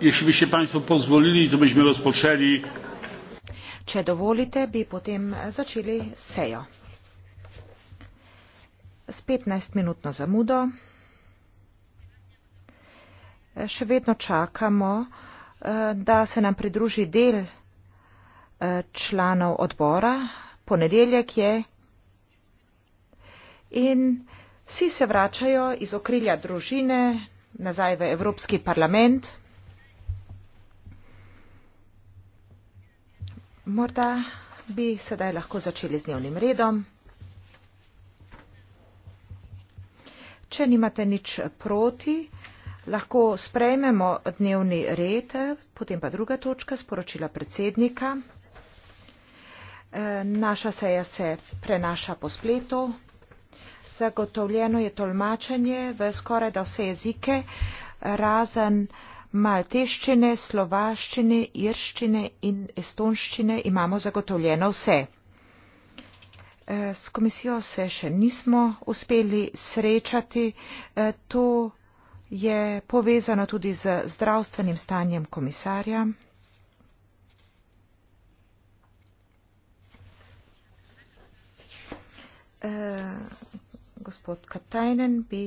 jeśli byście Państwo pozwolili, to byśmy rozpoczęli. Czy dowolite, by potem zaczęli sejo. Z 15 minut na zamudo. Še vedno čakamo, eh, da se nam pridruži del eh, članov odbora. Ponedeljek je. In vsi se vračajo iz okrilja družine nazaj v Evropski parlament. Morda bi sedaj lahko začeli z dnevnim redom. Če nimate nič proti, lahko sprejmemo dnevni red, potem pa druga točka, sporočila predsednika. Eh, naša seja se prenaša po spletu. Zagotovljeno je tolmačenje v skoraj da vse jezike, razen malteščine, slovaščine, irščine in estonščine imamo zagotovljeno vse. E, s komisijo se še nismo uspeli srečati. E, to je povezano tudi z zdravstvenim stanjem komisarja. E, gospod Katajnen bi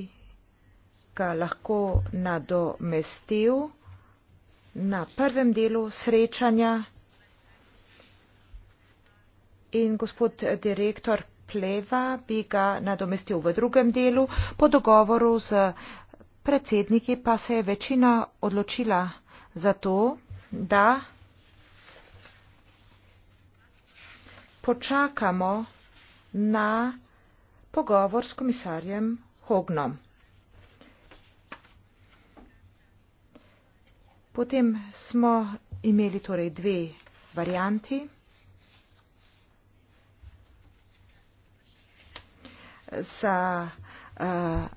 ga lahko nadomestil na prvem delu srečanja in gospod direktor Pleva bi ga nadomestil v drugem delu. Po dogovoru z predsedniki pa se je večina odločila za to, da počakamo na pogovor s komisarjem Hognom. Potem smo imeli torej dve varianti. Za uh,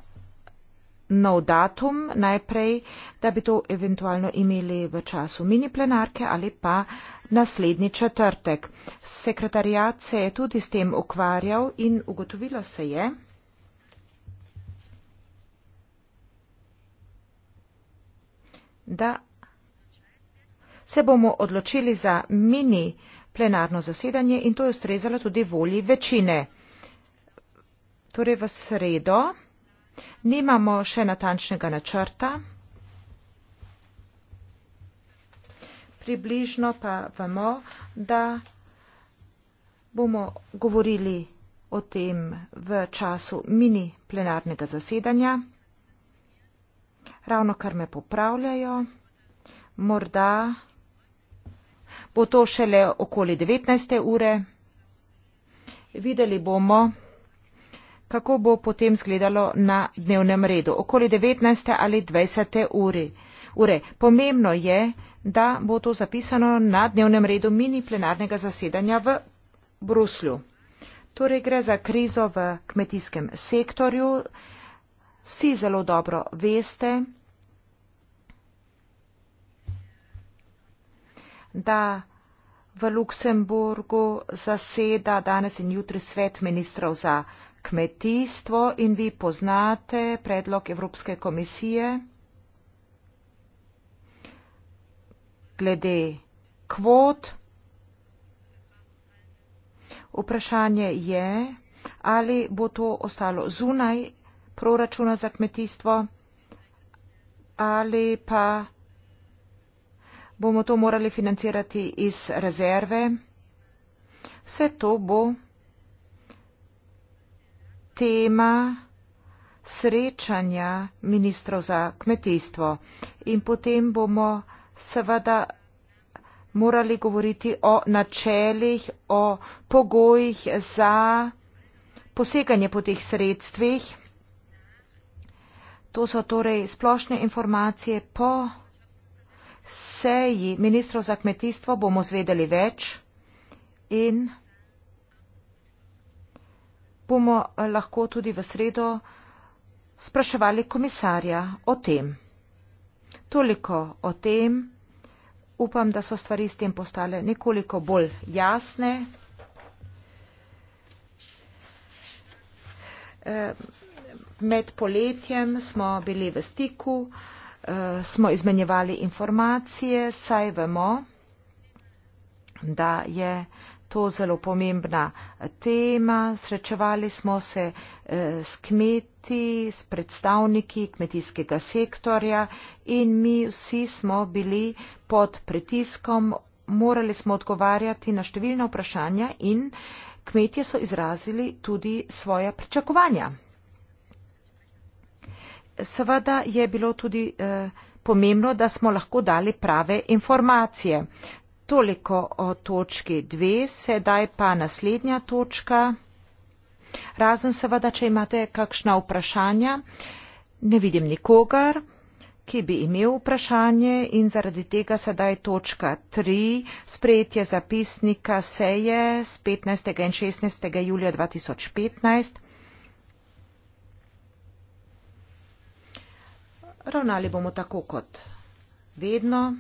nov datum najprej, da bi to eventualno imeli v času mini plenarke ali pa naslednji četrtek. Sekretarjat se je tudi s tem ukvarjal in ugotovilo se je, da se bomo odločili za mini plenarno zasedanje in to je ustrezalo tudi volji večine. Torej v sredo nimamo še natančnega načrta. Približno pa vemo, da bomo govorili o tem v času mini plenarnega zasedanja. Ravno kar me popravljajo, morda bo to šele okoli 19. ure. Videli bomo, kako bo potem zgledalo na dnevnem redu, okoli 19. ali 20. ure. Pomembno je, da bo to zapisano na dnevnem redu mini plenarnega zasedanja v Bruslju. Torej gre za krizo v kmetijskem sektorju. Vsi zelo dobro veste, da v Luksemburgu zaseda danes in jutri svet ministrov za kmetijstvo in vi poznate predlog Evropske komisije glede kvot. Vprašanje je, ali bo to ostalo zunaj proračuna za kmetijstvo ali pa bomo to morali financirati iz rezerve. Vse to bo tema srečanja ministrov za kmetijstvo. In potem bomo seveda morali govoriti o načelih, o pogojih za poseganje po teh sredstvih. To so torej splošne informacije po seji ministrov za kmetijstvo bomo zvedeli več in bomo eh, lahko tudi v sredo spraševali komisarja o tem. Toliko o tem. Upam, da so stvari s tem postale nekoliko bolj jasne. Eh, med poletjem smo bili v stiku. Eh, smo izmenjevali informacije, saj vemo, da je to zelo pomembna tema. Srečevali smo se eh, s kmeti, s predstavniki kmetijskega sektorja in mi vsi smo bili pod pritiskom, morali smo odgovarjati na številna vprašanja in kmetje so izrazili tudi svoja pričakovanja seveda je bilo tudi eh, pomembno, da smo lahko dali prave informacije. Toliko o točki 2, sedaj pa naslednja točka. Razen seveda, če imate kakšna vprašanja, ne vidim nikogar, ki bi imel vprašanje in zaradi tega sedaj točka 3, sprejetje zapisnika seje z 15. in 16. julija 2015. ravnali bomo tako kot vedno.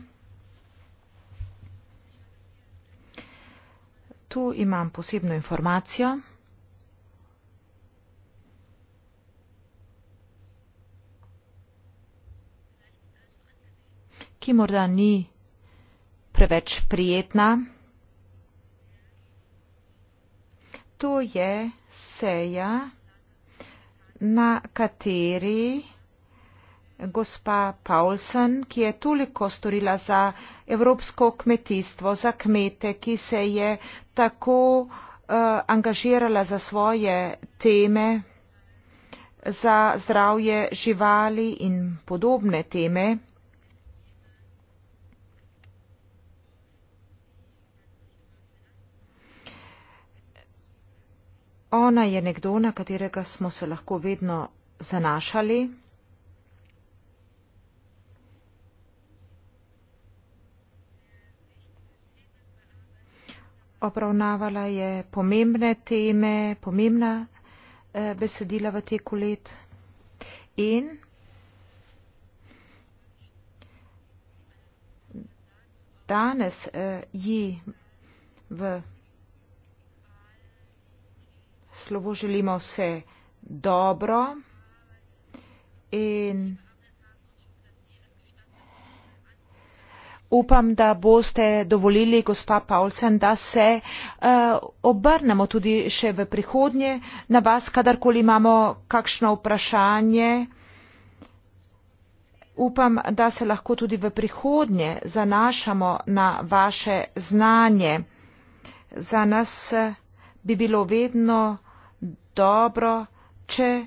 Tu imam posebno informacijo. ki morda ni preveč prijetna. To je seja, na kateri gospa Paulsen, ki je toliko storila za evropsko kmetijstvo, za kmete, ki se je tako uh, angažirala za svoje teme, za zdravje živali in podobne teme. Ona je nekdo, na katerega smo se lahko vedno zanašali. obravnavala je pomembne teme, pomembna eh, besedila v teku let in danes eh, ji v slovo želimo vse dobro in upam da boste dovolili gospa paulsen da se eh, obrnemo tudi še v prihodnje na vas kadarkoli imamo kakšno vprašanje upam da se lahko tudi v prihodnje zanašamo na vaše znanje za nas eh, bi bilo vedno dobro če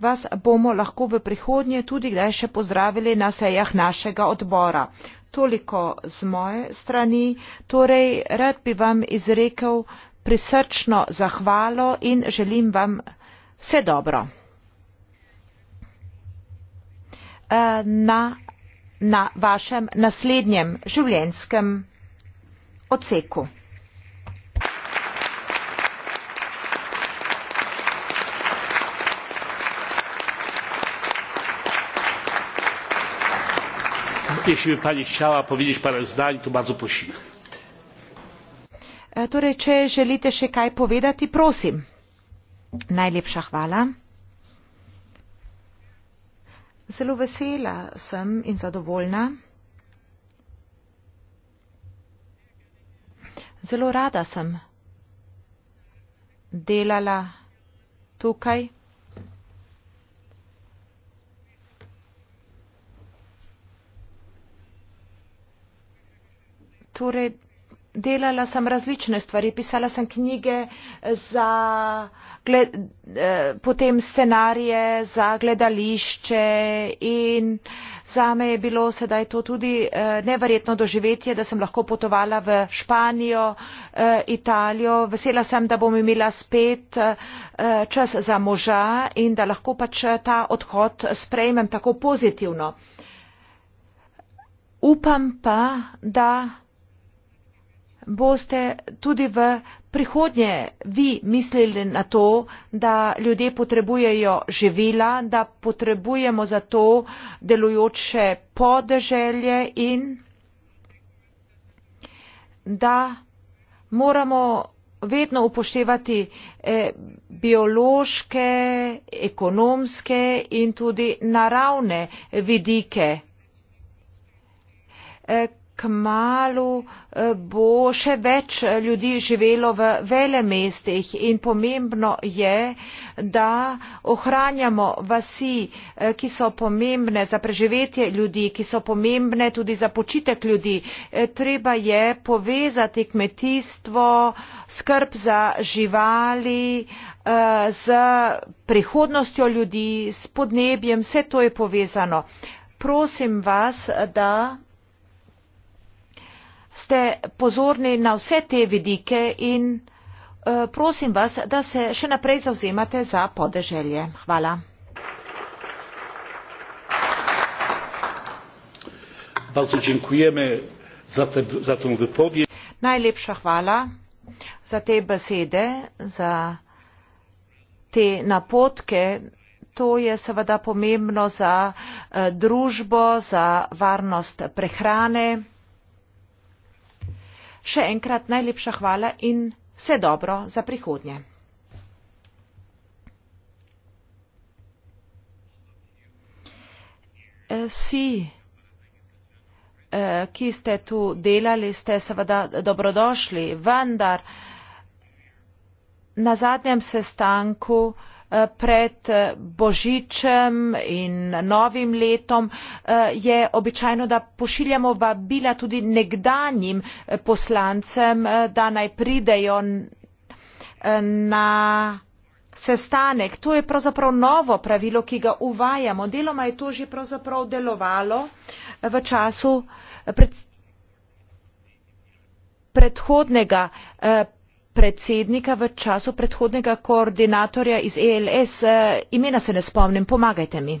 vas bomo lahko v prihodnje tudi kdaj še pozdravili na sejah našega odbora. Toliko z moje strani, torej rad bi vam izrekel prisrčno zahvalo in želim vam vse dobro. Eh, na, na vašem naslednjem življenjskem odseku. jeśli by pani chciała powiedzieć parę zdań to bardzo prosimy. E, torej, če želite še kaj povedati, prosim. Najlepša hvala. Zelo vesela sem in zadovoljna. Zelo rada sem delala tukaj. torej, delala sem različne stvari, pisala sem knjige za gled, eh, potem scenarije za gledališče in zame je bilo sedaj to tudi eh, neverjetno doživetje, da sem lahko potovala v Španijo, eh, Italijo. Vesela sem, da bom imela spet eh, čas za moža in da lahko pač eh, ta odhod sprejmem tako pozitivno. Upam pa, da boste tudi v prihodnje vi mislili na to, da ljudje potrebujejo živila, da potrebujemo za to delujoče podeželje in da moramo vedno upoštevati eh, biološke, ekonomske in tudi naravne vidike. Eh, kmalo eh, bo še več eh, ljudi živelo v velemestih in pomembno je, da ohranjamo vasi, eh, ki so pomembne za preživetje ljudi, ki so pomembne tudi za počitek ljudi. Treba je povezati kmetijstvo, skrb za živali z prihodnostjo ljudi, s podnebjem, vse to je povezano. Prosim vas, da ste pozorni na vse te vidike in eh, prosim vas, da se še naprej zauzemate za podeželje. Hvala. Najlepša hvala za te besede, za te napotke. To je seveda pomembno za eh, družbo, za varnost prehrane. Še enkrat najlepša hvala in vse dobro za prihodnje. Vsi, eh, ki ste tu delali, ste seveda dobrodošli, vendar na zadnjem sestanku Eh, pred eh, božičem in novim letom eh, je običajno da pošiljamo vabila tudi nekdanjim poslancem da naj pridejo na sestanek. To je pravzaprav novo pravilo, ki ga uvajamo. Deloma je to že pravzaprav delovalo v času pred, predhodnega eh, predsednika v času predhodnega koordinatorja iz els eh, imena se ne spomnim pomagajte mi.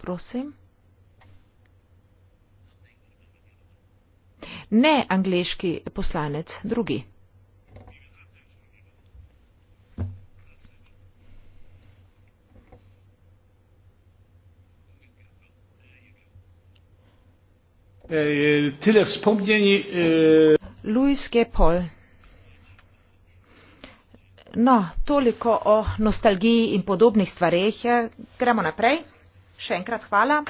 Prosim. Ne angleški poslanec, drugi. Eh, tyle wspomnień. Eh, Louis Gepol. No, toliko o nostalgiji in podobnih stvarih. Gremo naprej. Še enkrat hvala.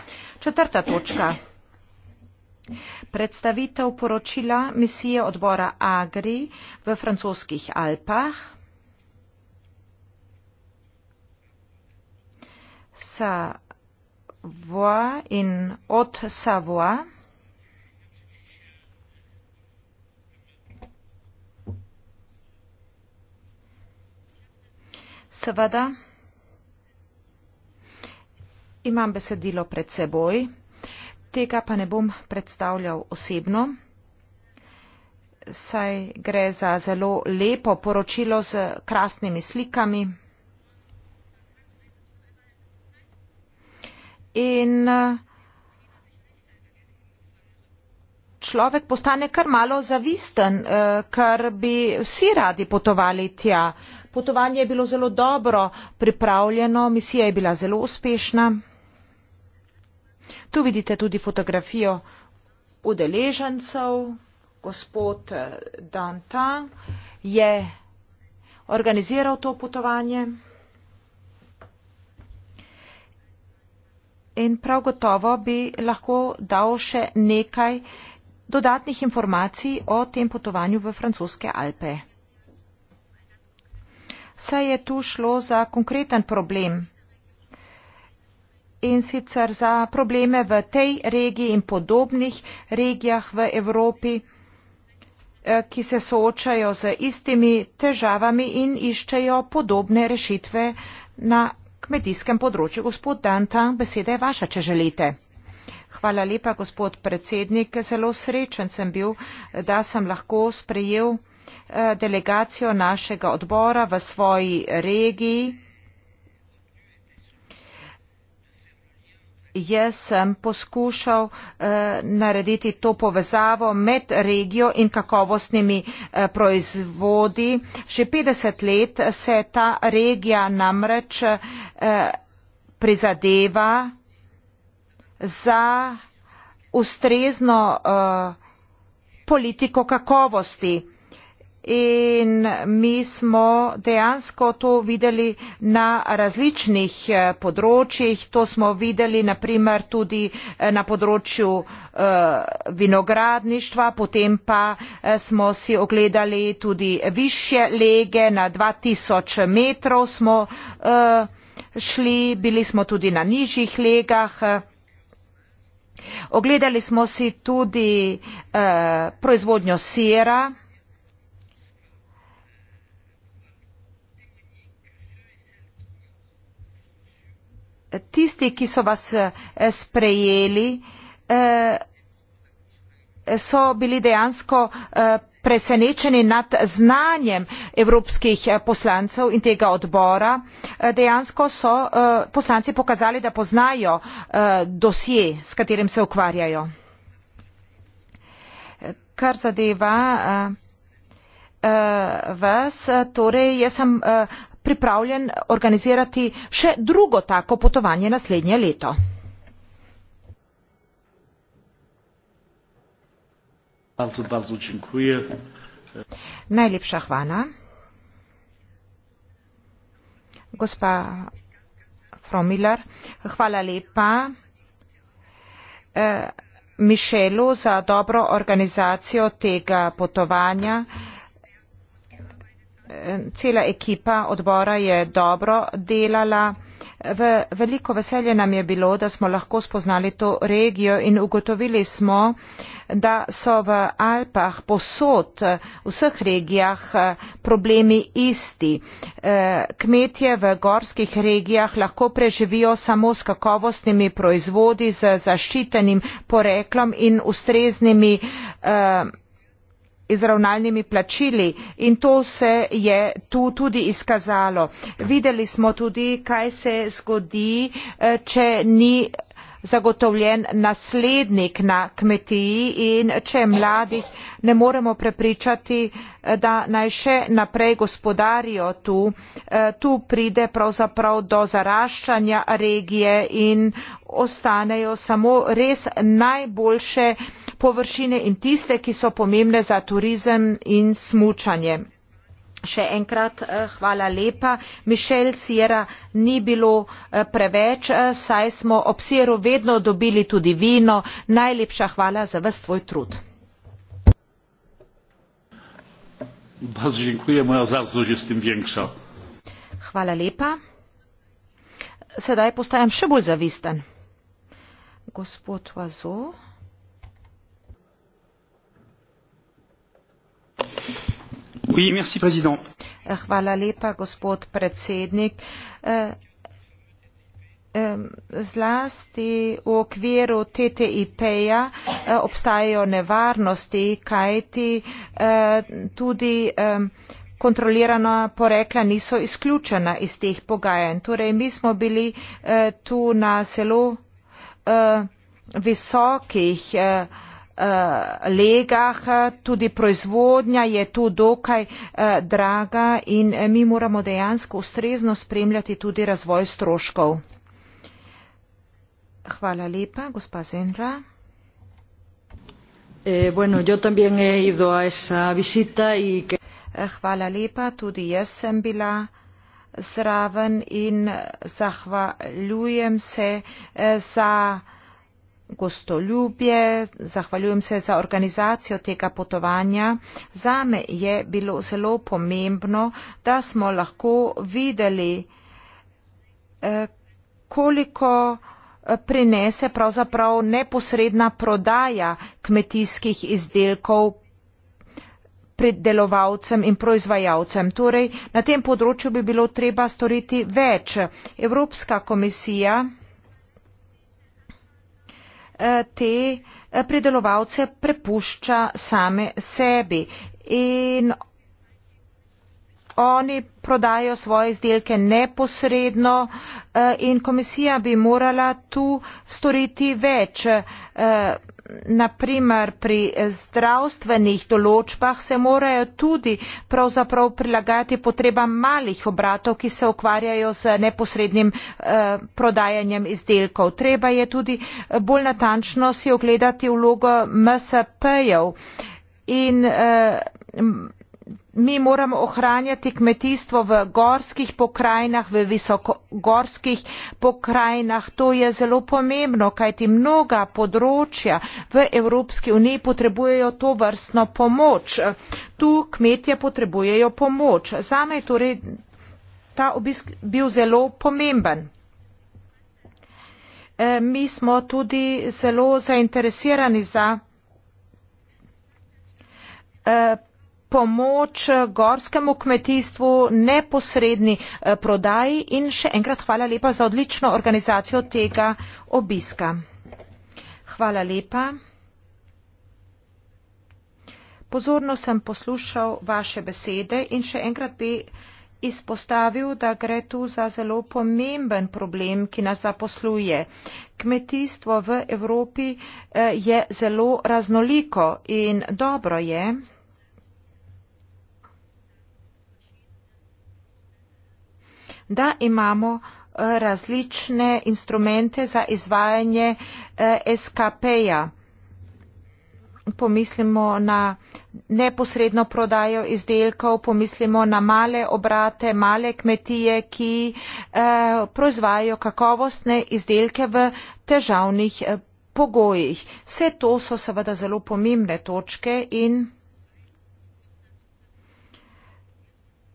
Četrta točka. Predstavitev poročila misije odbora Agri v francoskih Alpah. Savoie in od Savoie. Seveda imam besedilo pred seboj, tega pa ne bom predstavljal osebno, saj gre za zelo lepo poročilo z krasnimi slikami. In človek postane kar malo zavisten, eh, ker bi vsi radi potovali tja potovanje je bilo zelo dobro pripravljeno, misija je bila zelo uspešna. Tu vidite tudi fotografijo udeležencev. Gospod eh, Dantan je organiziral to potovanje. In prav gotovo bi lahko dal še nekaj dodatnih informacij o tem potovanju v francoske Alpe saj je tu šlo za konkreten problem in sicer za probleme v tej regiji in podobnih regijah v Evropi, eh, ki se soočajo z istimi težavami in iščejo podobne rešitve na kmetijskem področju. Gospod Danta, beseda je vaša, če želite. Hvala lepa, gospod predsednik. Zelo srečen sem bil, da sem lahko sprejel Eh, delegacijo našega odbora v svoji regiji. Jaz sem poskušal eh, narediti to povezavo med regijo in kakovostnimi eh, proizvodi. Že 50 let se ta regija namreč prizadeva za ustrezno politiko kakovosti in mi smo dejansko to videli na različnih eh, področjih. To smo videli naprimer tudi eh, na področju eh, vinogradništva, potem pa smo si ogledali tudi više lege, na 2000 metrov smo šli, bili smo tudi na nižjih legah. Ogledali smo si tudi eh, proizvodnjo sira, tisti, ki so vas eh, sprejeli, eh, so bili dejansko eh, presenečeni nad znanjem evropskih poslancev in tega odbora. Dejansko so poslanci pokazali, da poznajo dosje, s katerim se ukvarjajo. Kar zadeva vas, torej jaz sem pripravljen organizirati še drugo tako potovanje naslednje leto. Bardzo, bardzo dziękuję. Najlepša hvala. Gospa Fromiller, hvala lepa e, Mišelu za dobro organizacijo tega potovanja cela ekipa odbora je dobro delala v veliko veselje nam je bilo da smo lahko spoznali to regijo in ugotovili smo da so v alpah povsod v vseh regijah problemi isti e, kmetje v gorskih regijah lahko preživijo samo s kakovostnimi proizvodi z zaščitenim poreklom in ustreznimi e, izravnalnimi plačili in to se je tu tudi izkazalo. Videli smo tudi, kaj se zgodi, eh, če ni zagotovljen naslednik na kmetiji in če mladih ne moremo prepričati da naj še naprej gospodarijo tu eh, tu pride pravzaprav do zaraščanja regije in ostanejo samo res najboljše površine in tiste ki so pomembne za turizem in smučanje. Še enkrat eh, hvala lepa. Mišel Sira ni bilo eh, preveč, eh, saj smo ob Siru vedno dobili tudi vino. Najlepša hvala za vse tvoj trud. Hvala lepa. Sedaj postajam še bolj zavisten. Gospod Vazo. Hvala lepa, gospod predsednik. Eh, zlasti v okviru TTIP-ja eh, obstajajo nevarnosti, kajti eh, tudi kontrolirana porekla niso izključena iz teh pogajanj. Torej, mi smo bili tu na zelo visokih Eh, legah, tudi proizvodnja je tu dokaj eh, draga in eh, mi moramo dejansko ustrezno spremljati tudi razvoj stroškov. Hvala lepa, gospa Zenra. Eh, bueno, yo también he ido a esa visita y que... Hvala lepa, tudi jaz sem bila zraven in zahvaljujem se za. Eh, gostoljubje, zahvaljujem se za organizacijo tega potovanja. Zame je bilo zelo pomembno, da smo lahko videli, eh, koliko eh, prinese pravzaprav neposredna prodaja kmetijskih izdelkov predelovalcem in proizvajalcem. Torej, na tem področju bi bilo treba storiti več. Evropska komisija te eh, predelovalce prepušča same sebi in oni prodajajo svoje izdelke neposredno eh, in komisija bi morala tu storiti več. Eh, Naprimer pri zdravstvenih določbah se morajo tudi pravzaprav prilagajati potrebam malih obratov, ki se ukvarjajo z neposrednim eh, prodajanjem izdelkov. Treba je tudi bolj natančno si ogledati vlogo MSP-jev in mi moramo ohranjati kmetijstvo v gorskih pokrajinah v visokogorskih pokrajinah to je zelo pomembno kajti mnoga področja v evropski uniji potrebujejo tovrstno pomoč tu kmetje potrebujejo pomoč zame je torej ta obisk bil zelo pomemben e, mi smo tudi zelo zainteresirani za e, pomoč eh, gorskemu kmetijstvu, neposredni eh, prodaji in še enkrat hvala lepa za odlično organizacijo tega obiska. Hvala lepa. Pozorno sem poslušal vaše besede in še enkrat bi izpostavil, da gre tu za zelo pomemben problem, ki nas zaposluje. Kmetijstvo v Evropi eh, je zelo raznoliko in dobro je, da imamo eh, različne instrumente za izvajanje eh, SKP-ja. Pomislimo na neposredno prodajo izdelkov, pomislimo na male obrate, male kmetije, ki eh, proizvajajo kakovostne izdelke v težavnih pogojih. Vse to so seveda zelo pomembne točke in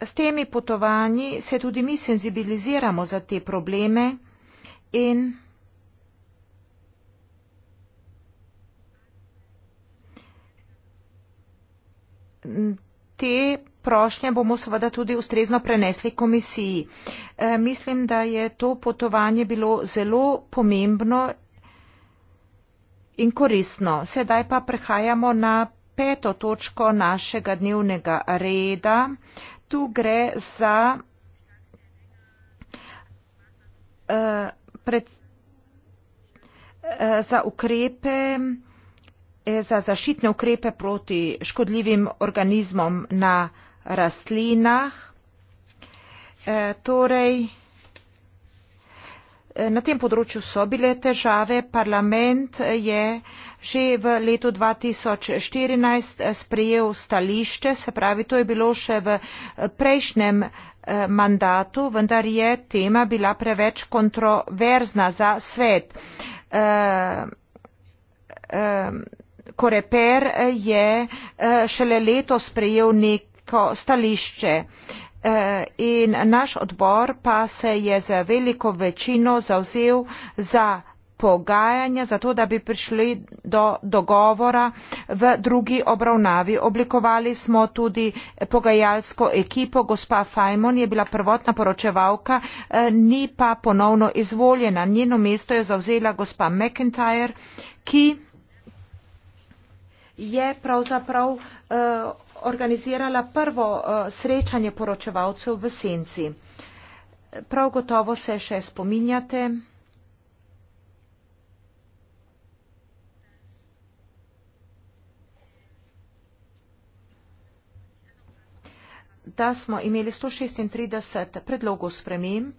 S temi potovanji se tudi mi senzibiliziramo za te probleme in te prošnje bomo seveda tudi ustrezno prenesli komisiji. E, mislim, da je to potovanje bilo zelo pomembno in koristno. Sedaj pa prehajamo na peto točko našega dnevnega reda. E, tu gre za eh, pred, eh, za ukrepe, eh, za zaščitne ukrepe proti škodljivim organizmom na rastlinah. Torej, Na tem področju so bile težave. Parlament je že v letu 2014 sprejel stališče, se pravi, to je bilo še v eh, prejšnjem eh, mandatu, vendar je tema bila preveč kontroverzna za svet. Eh, Koreper je šele leto sprejel neko stališče. Eh, in naš odbor pa se je z veliko večino zavzel za pogajanja zato da bi prišli do dogovora v drugi obravnavi. oblikovali smo tudi pogajalsko ekipo gospa fajmon je bila prvotna poročevalka eh, ni pa ponovno izvoljena njeno mesto je zavzela gospa mcintyre ki je pravzaprav eh, organizirala prvo eh, srečanje poročevalcev v senci. Prav gotovo se še spominjate. da smo imeli 136 predlogov sprememb.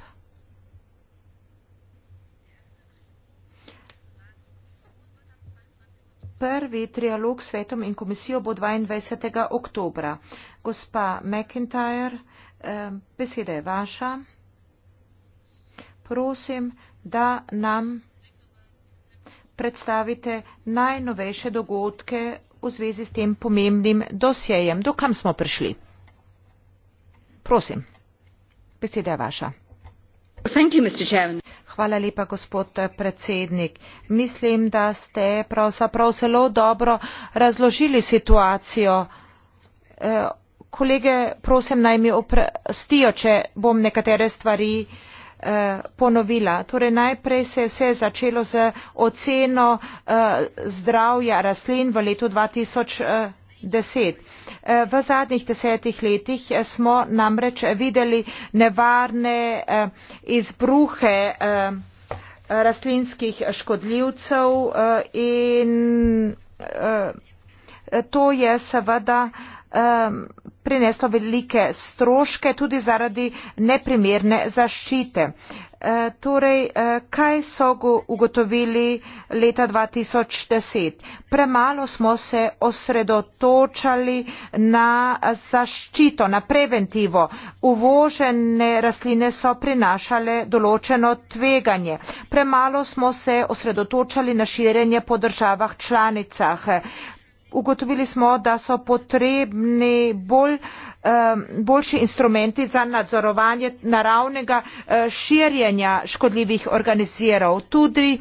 prvi trialog s svetom in komisijo bo 22. oktobra. Gospa McIntyre, eh, beseda je vaša. Prosim, da nam predstavite najnovejše dogodke v zvezi s tem pomembnim dosjejem. Dokam smo prišli? Prosim, beseda je vaša. Thank you, Mr. Chairman. Hvala lepa, gospod predsednik. Mislim, da ste pravzaprav zelo dobro razložili situacijo. Eh, kolege, prosim, naj mi oprostijo, če bom nekatere stvari eh, ponovila. Torej, najprej se je vse začelo z oceno eh, zdravja rastlin v letu 2000 deset eh, v zadnjih desetih letih eh, smo namreč videli nevarne eh, izbruhe rastlinskih škodljivcev in to je seveda prineslo velike stroške tudi zaradi neprimerne zaščite. Eh, torej, eh, kaj so ugotovili leta 2010? Premalo smo se osredotočali na zaščito, na preventivo. Uvožene rastline so prinašale določeno tveganje. Premalo smo se osredotočali na širjenje po državah članicah ugotovili smo da so potrebni bolj, boljši instrumenti za nadzorovanje naravnega eh, širjenja škodljivih organizirov tudi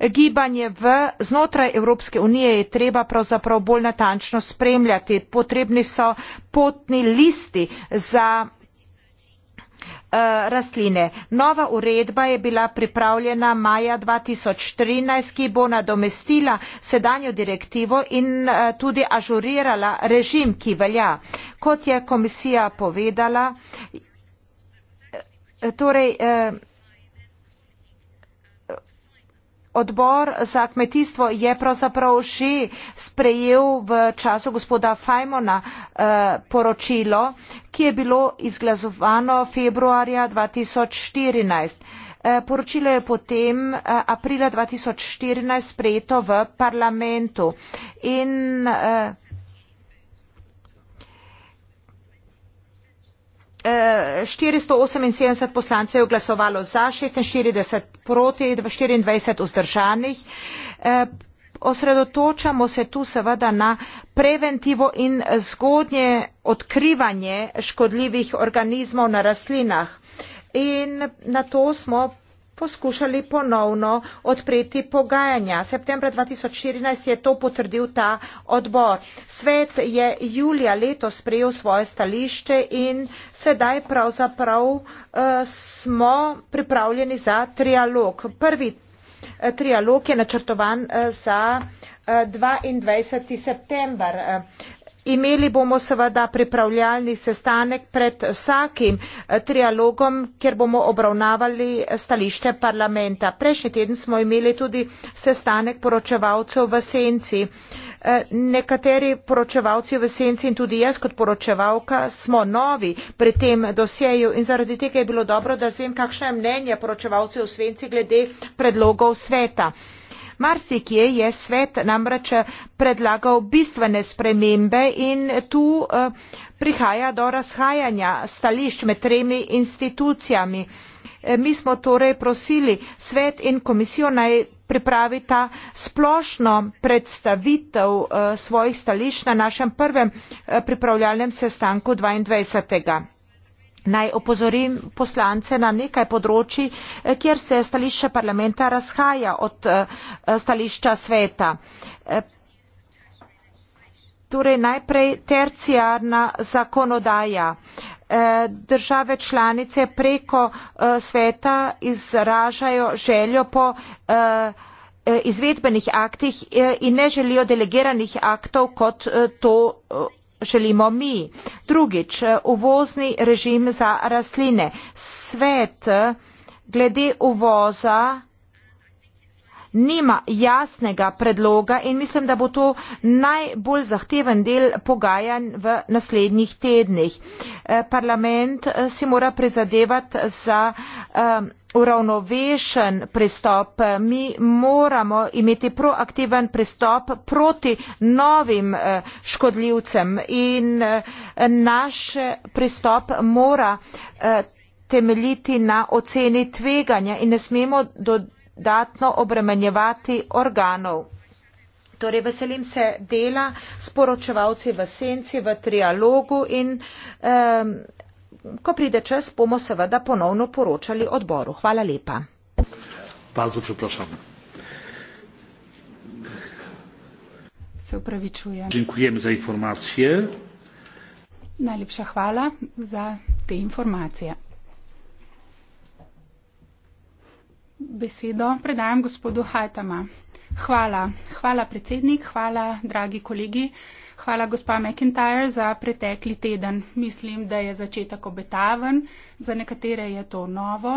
gibanje v znotraj evropske unije je treba pravzaprav bolj natančno spremljati potrebni so potni listi za Eh, rastline. Nova uredba je bila pripravljena maja 2013, ki bo nadomestila sedanjo direktivo in eh, tudi ažurirala režim, ki velja. Kot je komisija povedala, eh, torej, odbor za kmetijstvo je pravzaprav že sprejel v času gospoda fajmona eh, poročilo ki je bilo izglasovano februarja dva tisoč štirinajst eh, poročilo je potem eh, aprila dva tisoč štirinajst sprejeto v parlamentu in 478 poslancev je glasovalo za, 46 proti, 24 vzdržanih. E, osredotočamo se tu seveda na preventivo in zgodnje odkrivanje škodljivih organizmov na rastlinah. In na to smo poskušali ponovno odpreti pogajanja. Septembra 2014 je to potrdil ta odbor. Svet je julija leto sprejel svoje stališče in sedaj pravzaprav uh, smo pripravljeni za trialog. Prvi uh, trialog je načrtovan uh, za uh, 22. september. Uh, Imeli bomo seveda pripravljalni sestanek pred vsakim eh, trialogom, kjer bomo obravnavali eh, stališče parlamenta. Prejšnji teden smo imeli tudi sestanek poročevalcev v senci. Eh, nekateri poročevalci v senci in tudi jaz kot poročevalka smo novi pri tem dosjeju in zaradi tega je bilo dobro, da zvem, kakšno je mnenje poročevalcev v senci glede predlogov sveta marsikje je svet namreč predlagal bistvene spremembe in tu eh, prihaja do razhajanja stališč med tremi institucijami. Eh, mi smo torej prosili svet in komisijo naj pripravita splošno predstavitev eh, svojih stališč na našem prvem pripravljalnem sestanku dvaindvajset naj opozorim poslance na nekaj področij eh, kjer se stališče parlamenta razhaja od eh, eh, stališča sveta torej najprej terciarna zakonodaja države članice preko sveta izražajo željo po izvedbenih aktih in ne želijo delegiranih aktov kot to želimo mi. Drugič, uvozni režim za rastline. Svet glede uvoza nima jasnega predloga in mislim, da bo to najbolj zahteven del pogajanj v naslednjih tednih. Eh, parlament eh, si mora prizadevati za um, uravnovešen pristop mi moramo imeti proaktiven pristop proti novim eh, škodljivcem in eh, naš pristop mora eh, temeljiti na oceni tveganja in ne smemo dodatno obremenjevati organov. Torej, veselim se dela s poročevalci v senci, v trialogu in eh, ko pride čas, bomo seveda ponovno poročali odboru. Hvala lepa. Bardzo przepraszam. Se upravičujem. Dziękujemy za informacije. Najlepša hvala za te informacije. Besedo predajam gospodu Hajtama. Hvala, hvala predsednik, hvala dragi kolegi. Hvala, gospa McIntyre, za pretekli teden. Mislim, da je začetek obetaven, za nekatere je to novo.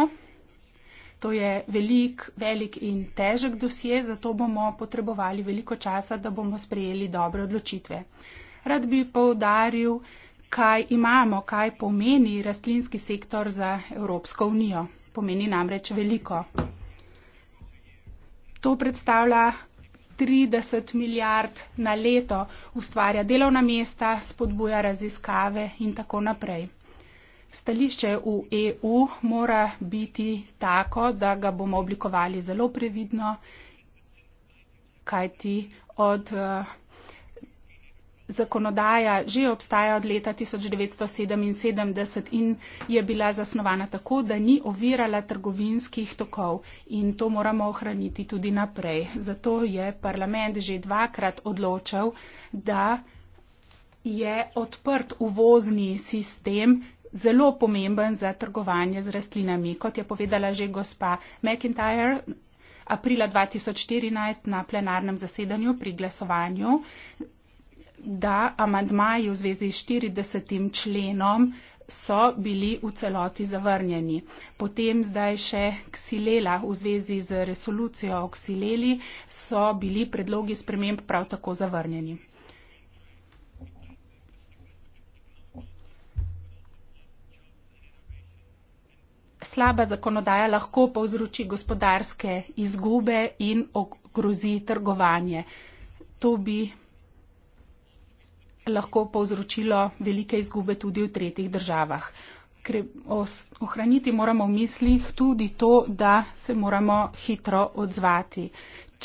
To je velik, velik in težek dosje, zato bomo potrebovali veliko časa, da bomo sprejeli dobre odločitve. Rad bi povdaril, kaj imamo, kaj pomeni rastlinski sektor za Evropsko unijo. Pomeni namreč veliko. To predstavlja 30 milijard na leto, ustvarja delovna mesta, spodbuja raziskave in tako naprej. Stališče v EU mora biti tako, da ga bomo oblikovali zelo previdno, kajti od uh, zakonodaja že obstaja od leta 1977 in je bila zasnovana tako, da ni ovirala trgovinskih tokov in to moramo ohraniti tudi naprej. Zato je parlament že dvakrat odločil, da je odprt uvozni sistem zelo pomemben za trgovanje z rastlinami. Kot je povedala že gospa McIntyre aprila 2014 na plenarnem zasedanju pri glasovanju, da amadmaji v zvezi s 40. členom so bili v celoti zavrnjeni. Potem zdaj še ksilela v zvezi z resolucijo o ksileli so bili predlogi sprememb prav tako zavrnjeni. Slaba zakonodaja lahko povzroči gospodarske izgube in ogrozi trgovanje. To bi lahko povzročilo velike izgube tudi v tretjih državah. Ohraniti moramo v mislih tudi to, da se moramo hitro odzvati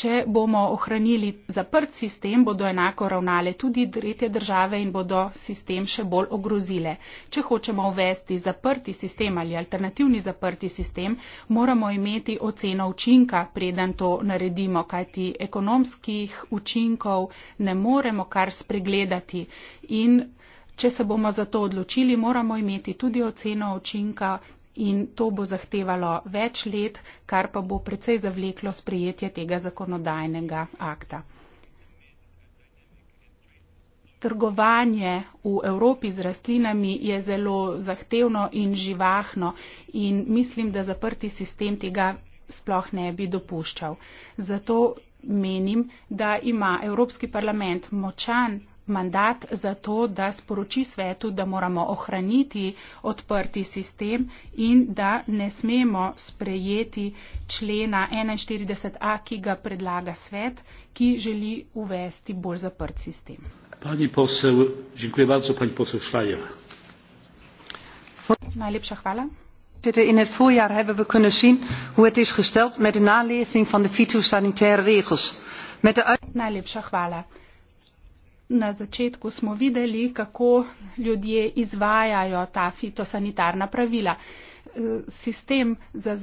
če bomo ohranili zaprt sistem, bodo enako ravnale tudi tretje države in bodo sistem še bolj ogrozile. Če hočemo uvesti zaprti sistem ali alternativni zaprti sistem, moramo imeti oceno učinka, preden to naredimo, kajti ekonomskih učinkov ne moremo kar spregledati. In Če se bomo za to odločili, moramo imeti tudi oceno učinka in to bo zahtevalo več let, kar pa bo precej zavleklo sprejetje tega zakonodajnega akta. Trgovanje v Evropi z rastlinami je zelo zahtevno in živahno in mislim, da zaprti sistem tega sploh ne bi dopuščal. Zato menim, da ima Evropski parlament močan mandat za to, da sporoči svetu, da moramo ohraniti odprti sistem in da ne smemo sprejeti člena 41a, ki ga predlaga svet, ki želi uvesti bolj zaprt sistem. Pani posel, dziękuję bardzo, pani posel Schleier. Najlepša hvala. In het voorjaar hebben we kunnen zien hoe het is gesteld met de naleving van de fitosanitaire regels. Met de... Najlepša hvala na začetku smo videli, kako ljudje izvajajo ta fitosanitarna pravila. E, sistem za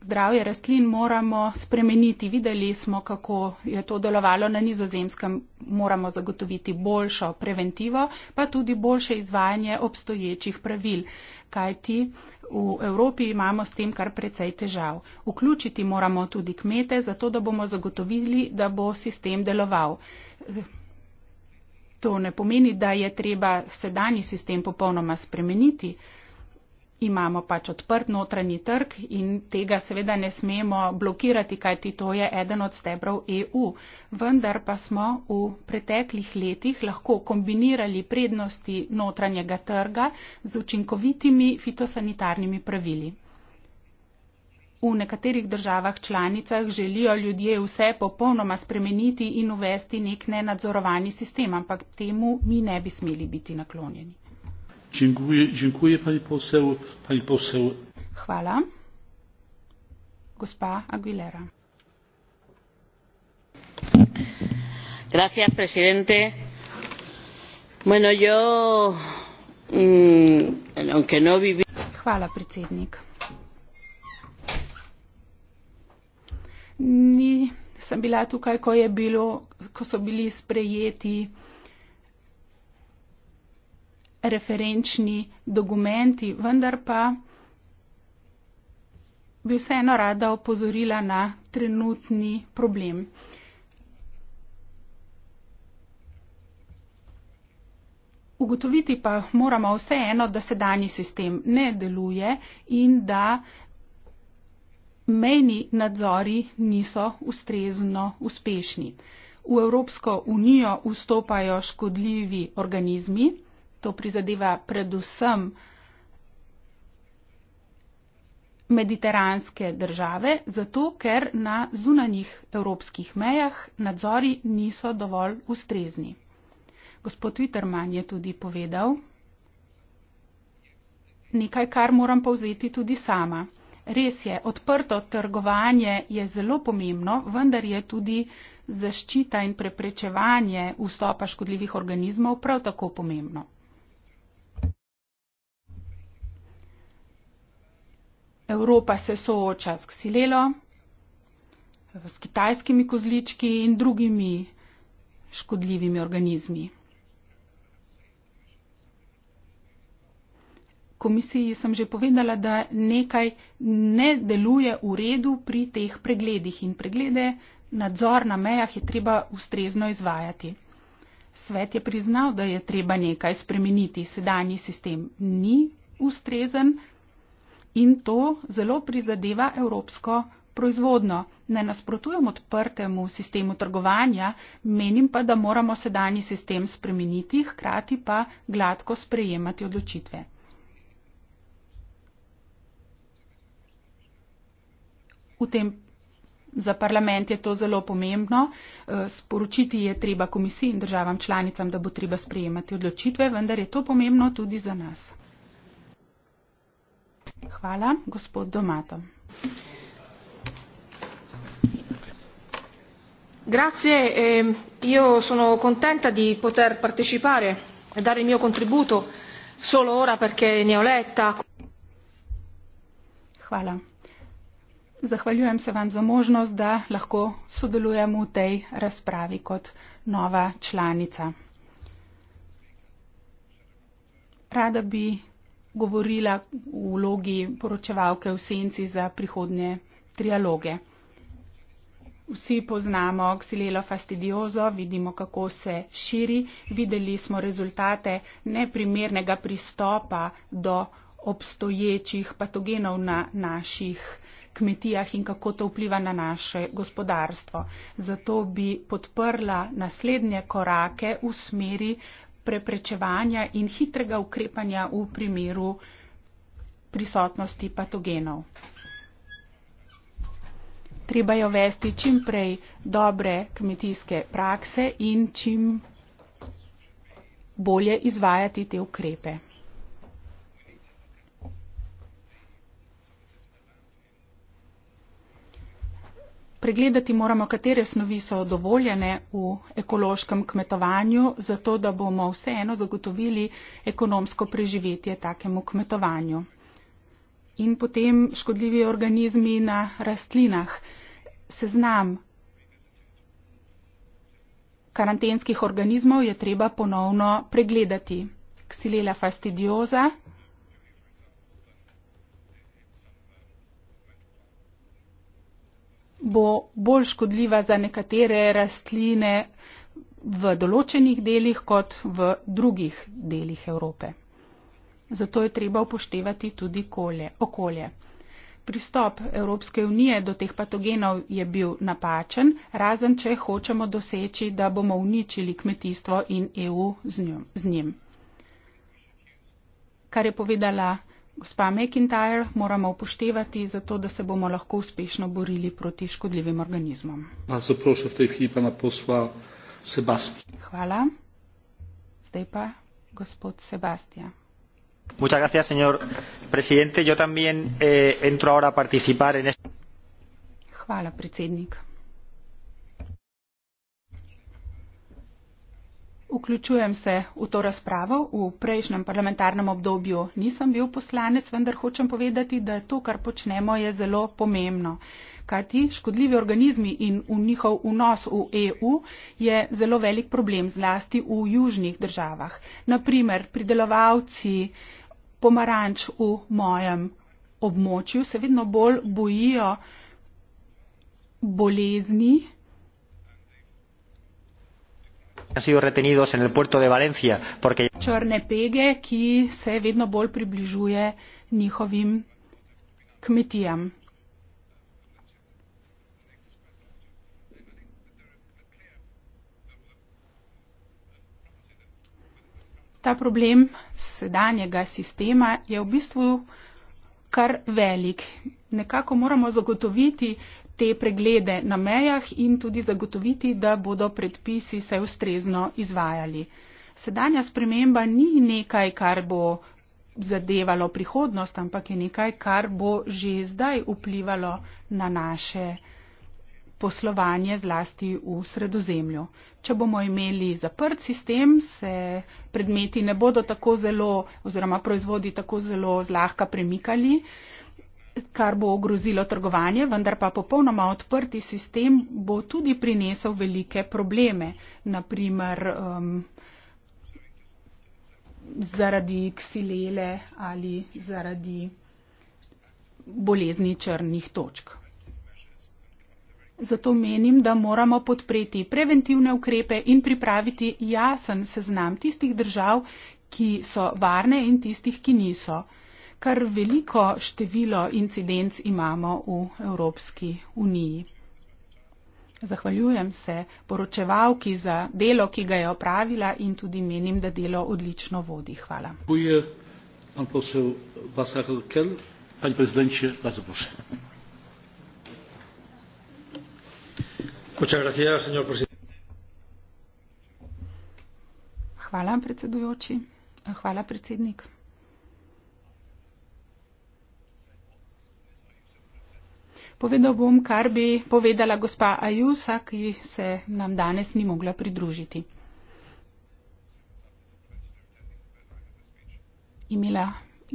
zdravje rastlin moramo spremeniti. Videli smo, kako je to delovalo na nizozemskem. Moramo zagotoviti boljšo preventivo, pa tudi boljše izvajanje obstoječih pravil. Kaj ti v Evropi imamo s tem kar precej težav. Vključiti moramo tudi kmete, zato da bomo zagotovili, da bo sistem deloval. To ne pomeni, da je treba sedanji sistem popolnoma spremeniti. Imamo pač odprt notranji trg in tega seveda ne smemo blokirati, kajti to je eden od stebrov EU. Vendar pa smo v preteklih letih lahko kombinirali prednosti notranjega trga z učinkovitimi fitosanitarnimi pravili v nekaterih državah članicah želijo ljudje vse popolnoma spremeniti in uvesti nek nenadzorovani sistem, ampak temu mi ne bi smeli biti naklonjeni. Dziękuję, dziękuję pani poseł. Hvala. Gospa Aguilera. Gracias, presidente. Bueno, yo, mmm, aunque no viví... Hvala, predsednik. ni, sem bila tukaj, ko, bilo, ko so bili sprejeti referenčni dokumenti, vendar pa bi vseeno rada opozorila na trenutni problem. Ugotoviti pa moramo vseeno, da sedanji sistem ne deluje in da mejni nadzori niso ustrezno uspešni. V Evropsko unijo vstopajo škodljivi organizmi, to prizadeva predvsem mediteranske države, zato ker na zunanjih evropskih mejah nadzori niso dovolj ustrezni. Gospod Witterman je tudi povedal nekaj, kar moram povzeti tudi sama. Res je, odprto trgovanje je zelo pomembno, vendar je tudi zaščita in preprečevanje vstopa škodljivih organizmov prav tako pomembno. Evropa se sooča s ksilelo, s kitajskimi kozlički in drugimi škodljivimi organizmi. komisiji sem že povedala, da nekaj ne deluje v redu pri teh pregledih in preglede nadzor na mejah je treba ustrezno izvajati. Svet je priznal, da je treba nekaj spremeniti, sedanji sistem ni ustrezen in to zelo prizadeva evropsko proizvodno. Ne nasprotujem odprtemu sistemu trgovanja, menim pa, da moramo sedanji sistem spremeniti, hkrati pa gladko sprejemati odločitve. v tem. Za parlament je to zelo pomembno. Eh, sporočiti je treba komisiji in državam članicam, da bo treba sprejemati odločitve, vendar je to pomembno tudi za nas. Hvala, gospod Domato. Grazie, eh, io sono contenta di poter partecipare e dare il mio contributo solo ora perché ne ho letta. Hvala. Zahvaljujem se vam za možnost, da lahko sodelujem v tej razpravi kot nova članica. Rada bi govorila v vlogi poročevalke v senci za prihodnje trialoge. Vsi poznamo oksilelo fastidiozo, vidimo, kako se širi, videli smo rezultate neprimernega pristopa do obstoječih patogenov na naših uh, kmetijah in kako to vpliva na naše gospodarstvo. Zato bi podprla naslednje korake v smeri preprečevanja in hitrega ukrepanja v primeru prisotnosti patogenov. Treba jo vesti čim prej dobre kmetijske prakse in čim bolje izvajati te ukrepe. Pregledati moramo, katere snovi so dovoljene v ekološkem kmetovanju, zato da bomo vseeno zagotovili ekonomsko preživetje takemu kmetovanju. In potem škodljivi organizmi na rastlinah. Seznam karantenskih organizmov je treba ponovno pregledati. Ksilela fastidioza, bo bolj škodljiva za nekatere rastline v določenih delih kot v drugih delih Evrope. Zato je treba upoštevati tudi kolje, okolje. Pristop Evropske unije do teh patogenov je bil napačen, razen če hočemo doseči, da bomo uničili kmetijstvo in EU z njim. Kar je povedala gospa McIntyre, moramo upoštevati, zato da se bomo lahko uspešno borili proti škodljivim organizmom. Hvala. Zdaj pa gospod Sebastian. Muchas gracias, señor presidente. Yo también eh, entro ahora a participar en este. Hvala, predsednik. Vključujem se v to razpravo. V prejšnjem parlamentarnem obdobju nisem bil poslanec, vendar hočem povedati, da je to, kar počnemo, je zelo pomembno. Kaj ti škodljivi organizmi in njihov vnos v EU je zelo velik problem, zlasti v južnih državah. Naprimer, pridelovalci pomaranč v mojem območju se vedno bolj bojijo bolezni, han sido retenidos en el puerto de Valencia porque Chorne pege ki se vedno bolj približuje njihovim kmetijam. Ta problem sedanjega sistema je v bistvu kar velik. Nekako moramo zagotoviti te preglede na mejah in tudi zagotoviti, da bodo predpisi se ustrezno izvajali. Sedanja sprememba ni nekaj, kar bo zadevalo prihodnost, ampak je nekaj, kar bo že zdaj vplivalo na naše poslovanje zlasti v sredozemlju. Če bomo imeli zaprt sistem, se predmeti ne bodo tako zelo oziroma proizvodi tako zelo zlahka premikali, kar bo ogrozilo trgovanje, vendar pa popolnoma odprti sistem bo tudi prinesel velike probleme. Naprimer, um, zaradi ksilele ali zaradi bolezni črnih točk. Zato menim, da moramo podpreti preventivne ukrepe in pripraviti jasen seznam tistih držav, ki so varne in tistih, ki niso kar veliko število incidenc imamo v Evropski uniji. Zahvaljujem se poročevalki za delo, ki ga je opravila in tudi menim, da delo odlično vodi. Hvala. Hvala, predsedujoči. Hvala, predsednik. Povedal bom, kar bi povedala gospa Ajusa, ki se nam danes ni mogla pridružiti. Imela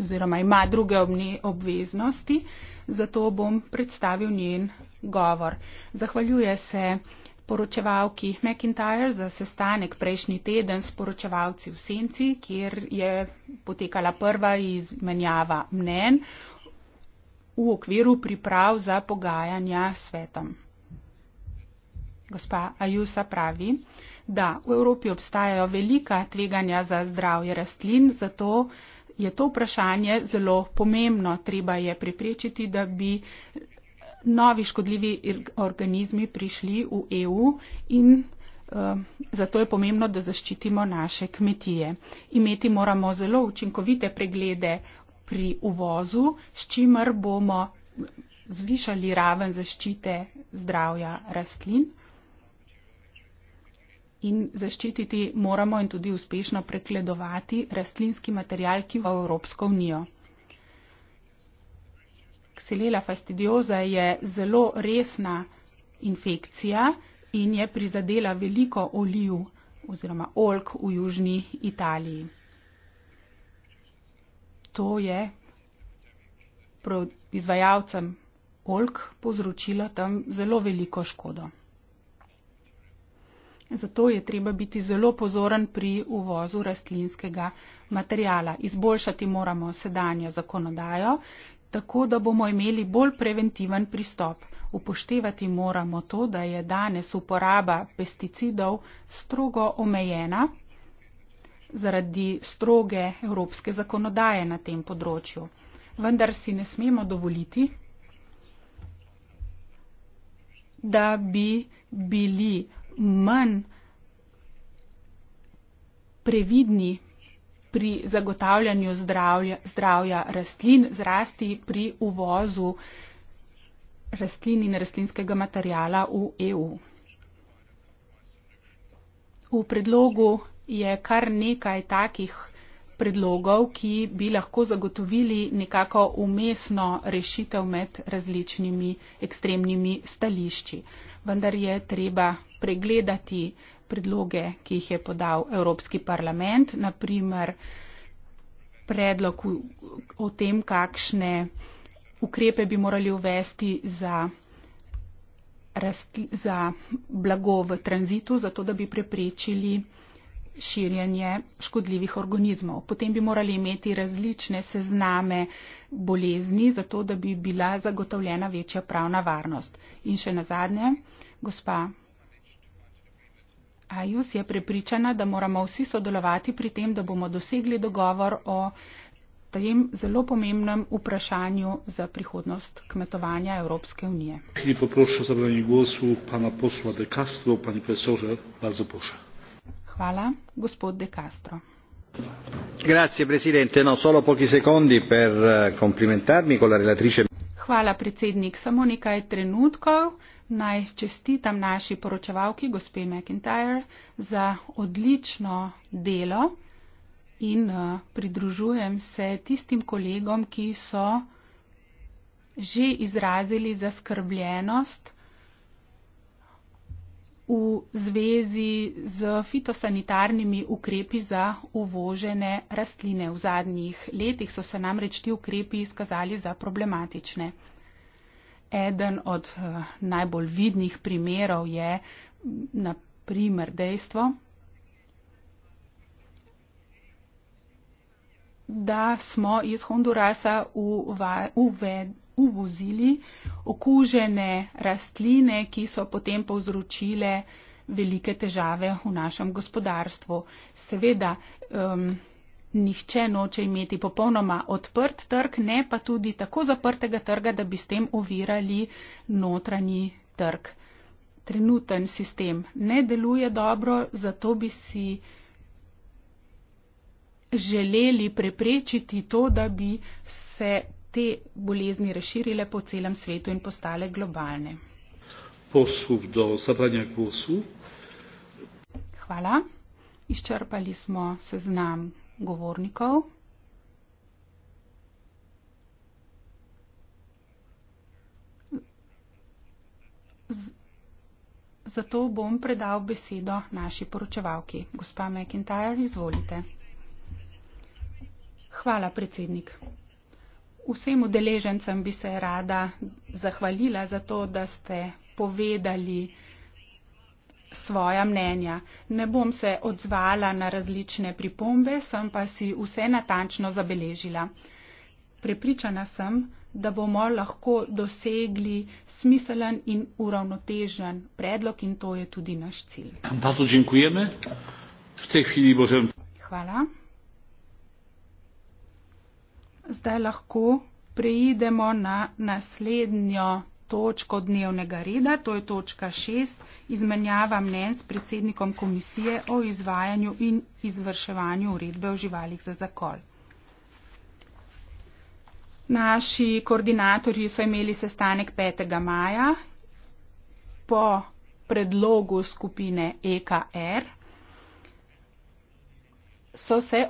oziroma ima druge obveznosti, zato bom predstavil njen govor. Zahvaljuje se poročevalki McIntyre za sestanek prejšnji teden s poročevalci v Senci, kjer je potekala prva izmenjava mnen v okviru priprav za pogajanja s svetom. Gospa Ajusa pravi, da v Evropi obstajajo velika tveganja za zdravje rastlin, zato je to vprašanje zelo pomembno. Treba je preprečiti, da bi novi škodljivi organizmi prišli v EU in eh, Zato je pomembno, da zaščitimo naše kmetije. Imeti moramo zelo učinkovite preglede pri uvozu, s čimer bomo zvišali raven zaščite zdravja rastlin. In zaščititi moramo in tudi uspešno prekledovati rastlinski material, ki v Evropsko unijo. Ksilela fastidioza je zelo resna infekcija in je prizadela veliko oliv oziroma olk v južni Italiji to je izvajalcem Olk povzročilo tam zelo veliko škodo. Zato je treba biti zelo pozoren pri uvozu rastlinskega materijala. Izboljšati moramo sedanjo zakonodajo, tako da bomo imeli bolj preventiven pristop. Upoštevati moramo to, da je danes uporaba pesticidov strogo omejena zaradi stroge evropske zakonodaje na tem področju. Vendar si ne smemo dovoliti, da bi bili manj previdni pri zagotavljanju zdravja, zdravja rastlin, zrasti pri uvozu rastlin in rastlinskega materijala v EU. V predlogu je kar nekaj takih predlogov, ki bi lahko zagotovili nekako umestno rešitev med različnimi ekstremnimi stališči. Vendar je treba pregledati predloge, ki jih je podal Evropski parlament, naprimer predlog o tem, kakšne ukrepe bi morali uvesti za, rasti, za blago v tranzitu, zato da bi preprečili širjenje škodljivih organizmov. Potem bi morali imeti različne sezname bolezni, zato da bi bila zagotovljena večja pravna varnost. In še na zadnje, gospa Ajus je prepričana, da moramo vsi sodelovati pri tem, da bomo dosegli dogovor o tem zelo pomembnem vprašanju za prihodnost kmetovanja Evropske unije. Hvala grazie presidente no solo pochi secondi per eh, complimentarmi con la relatrice. Hvala, predsednik. Samo nekaj trenutkov. Naj čestitam naši poročevalki, gospe McIntyre, za odlično delo in eh, pridružujem se tistim kolegom, ki so že izrazili zaskrbljenost, v zvezi z fitosanitarnimi ukrepi za uvožene rastline. V zadnjih letih so se namreč ti ukrepi izkazali za problematične. Eden od eh, najbolj vidnih primerov je na primer dejstvo, da smo iz Hondurasa uvedli uvozili okužene rastline, ki so potem povzročile velike težave v našem gospodarstvu. Seveda, um, nihče noče imeti popolnoma odprt trg, ne pa tudi tako zaprtega trga, da bi s tem ovirali notranji trg. Trenuten sistem ne deluje dobro, zato bi si želeli preprečiti to, da bi se te bolezni razširile po celem svetu in postale globalne. Posluh do sadanja glasu. Hvala. Izčrpali smo seznam govornikov. Zato bom predal besedo naši poročevalki. Gospa McIntyre, izvolite. Hvala, predsednik vsem udeležencem bi se rada zahvalila za to, da ste povedali svoja mnenja. Ne bom se odzvala na različne pripombe, sem pa si vse natančno zabeležila. Prepričana sem, da bomo lahko dosegli smiselen in uravnotežen predlog in to je tudi naš cilj. Hvala zdaj lahko preidemo na naslednjo točko dnevnega reda, to je točka 6, izmenjava mnen s predsednikom komisije o izvajanju in izvrševanju uredbe o živalih za zakol. Naši koordinatorji so imeli sestanek 5. maja po predlogu skupine EKR so se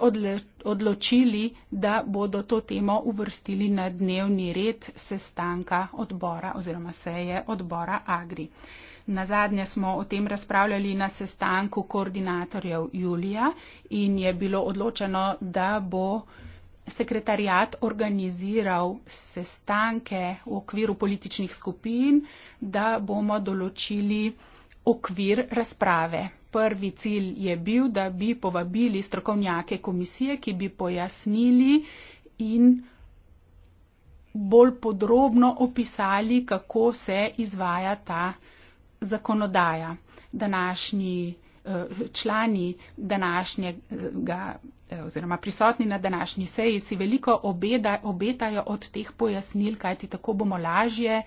odločili, da bodo to temo uvrstili na dnevni red sestanka odbora oziroma seje odbora Agri. Na zadnje smo o tem razpravljali na sestanku koordinatorjev Julija in je bilo odločeno, da bo sekretarjat organiziral sestanke v okviru političnih skupin, da bomo določili okvir razprave prvi cilj je bil, da bi povabili strokovnjake komisije, ki bi pojasnili in bolj podrobno opisali, kako se izvaja ta zakonodaja. Današnji eh, člani današnjega eh, oziroma prisotni na današnji seji si veliko obeda, obetajo od teh pojasnil, kajti tako bomo lažje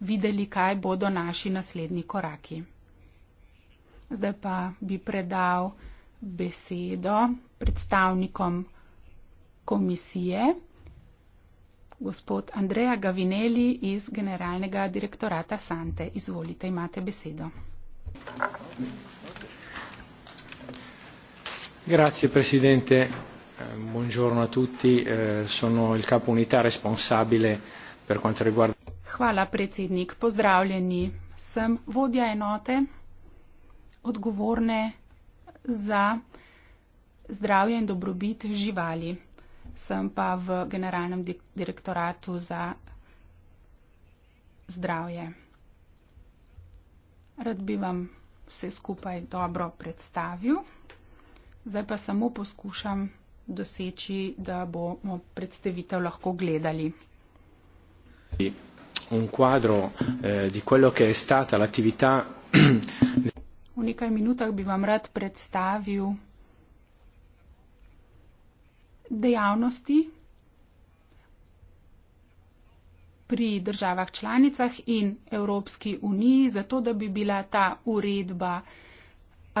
videli, kaj bodo naši naslednji koraki. Zdaj pa bi predal besedo predstavnikom komisije, gospod Andreja Gavineli iz generalnega direktorata Sante. Izvolite, imate besedo. Grazie Presidente, eh, buongiorno a tutti, eh, sono il capo unità responsabile per quanto riguarda. Hvala predsednik, pozdravljeni. Sem vodja enote odgovorne za zdravje in dobrobit živali. Sem pa v generalnem direktoratu za zdravje. Rad bi vam vse skupaj dobro predstavil. Zdaj pa samo poskušam doseči, da bomo predstavitev lahko gledali. Un quadro eh, di quello che è stata l'attività V nekaj minutah bi vam rad predstavil dejavnosti pri državah članicah in Evropski uniji, zato da bi bila ta uredba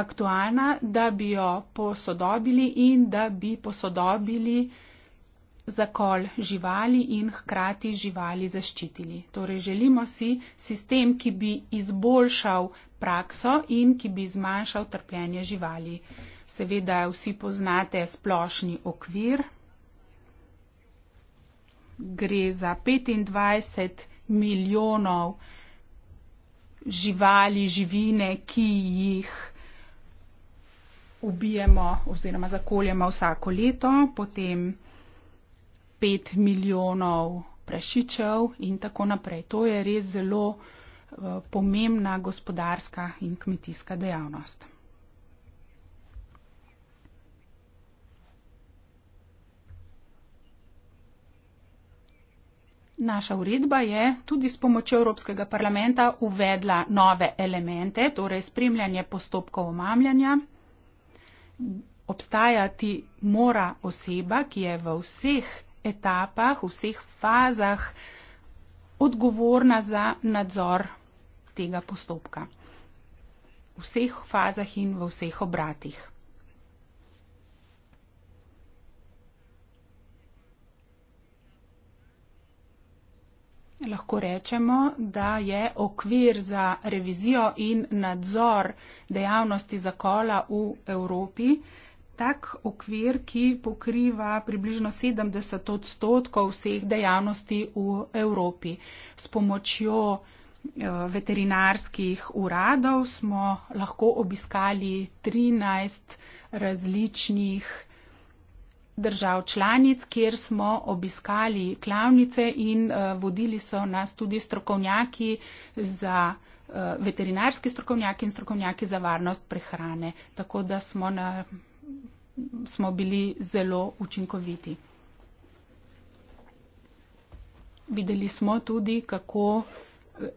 aktualna, da bi jo posodobili in da bi posodobili zakol živali in hkrati živali zaščitili. Torej želimo si sistem, ki bi izboljšal prakso in ki bi zmanjšal trpljenje živali. Seveda vsi poznate splošni okvir. Gre za 25 milijonov živali, živine, ki jih ubijemo oziroma zakoljemo vsako leto, potem pet milijonov prašičev in tako naprej. To je res zelo eh, pomembna gospodarska in kmetijska dejavnost. Naša uredba je tudi s pomočjo Evropskega parlamenta uvedla nove elemente, torej spremljanje postopkov omamljanja. Obstajati mora oseba, ki je v vseh etapah, v vseh fazah odgovorna za nadzor tega postopka. V vseh fazah in v vseh obratih. Lahko rečemo, da je okvir za revizijo in nadzor dejavnosti zakola v Evropi tak okvir, ki pokriva približno 70 odstotkov vseh dejavnosti v Evropi. S pomočjo eh, veterinarskih uradov smo lahko obiskali 13 različnih držav članic, kjer smo obiskali klavnice in eh, vodili so nas tudi strokovnjaki za eh, veterinarski strokovnjaki in strokovnjaki za varnost prehrane. Tako da smo na smo bili zelo učinkoviti. Videli smo tudi, kako eh,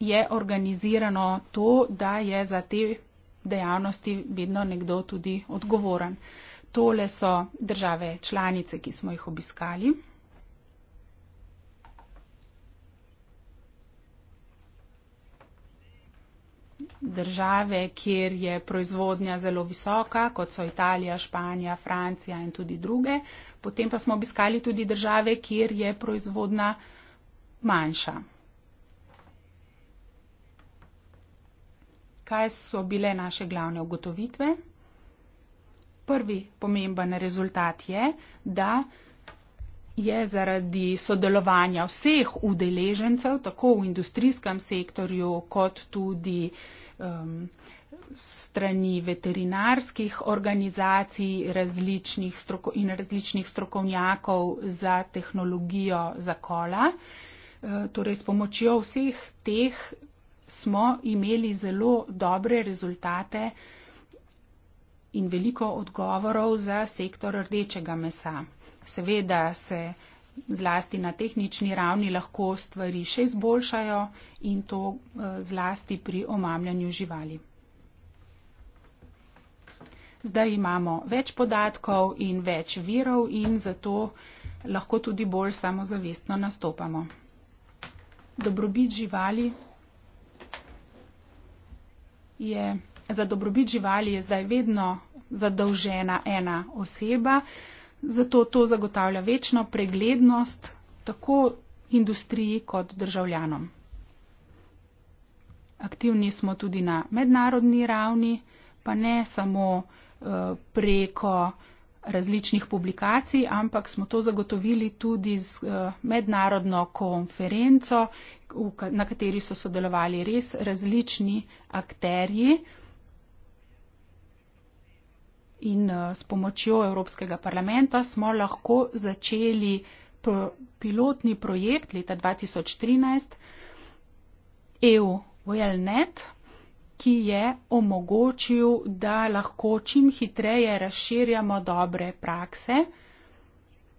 je organizirano to, da je za te dejavnosti vedno nekdo tudi odgovoren. Tole so države članice, ki smo jih obiskali. države, kjer je proizvodnja zelo visoka, kot so Italija, Španija, Francija in tudi druge. Potem pa smo obiskali tudi države, kjer je proizvodnja manjša. Kaj so bile naše glavne ugotovitve? Prvi pomemben rezultat je, da je zaradi sodelovanja vseh udeležencev, tako v industrijskem sektorju, kot tudi um, strani veterinarskih organizacij različnih stroko, in različnih strokovnjakov za tehnologijo za kola. E, uh, torej s pomočjo vseh teh smo imeli zelo dobre rezultate in veliko odgovorov za sektor rdečega mesa. Seveda se zlasti na tehnični ravni lahko stvari še izboljšajo in to eh, zlasti pri omamljanju živali. Zdaj imamo več podatkov in več virov in zato lahko tudi bolj samozavestno nastopamo. Dobrobit živali je, za dobrobit živali je zdaj vedno zadolžena ena oseba zato to zagotavlja večno preglednost tako industriji kot državljanom. Aktivni smo tudi na mednarodni ravni, pa ne samo eh, preko različnih publikacij, ampak smo to zagotovili tudi z eh, mednarodno konferenco, na kateri so sodelovali res različni akterji in eh, s pomočjo Evropskega parlamenta smo lahko začeli pilotni projekt leta 2013 EU WellNet, ki je omogočil, da lahko čim hitreje razširjamo dobre prakse.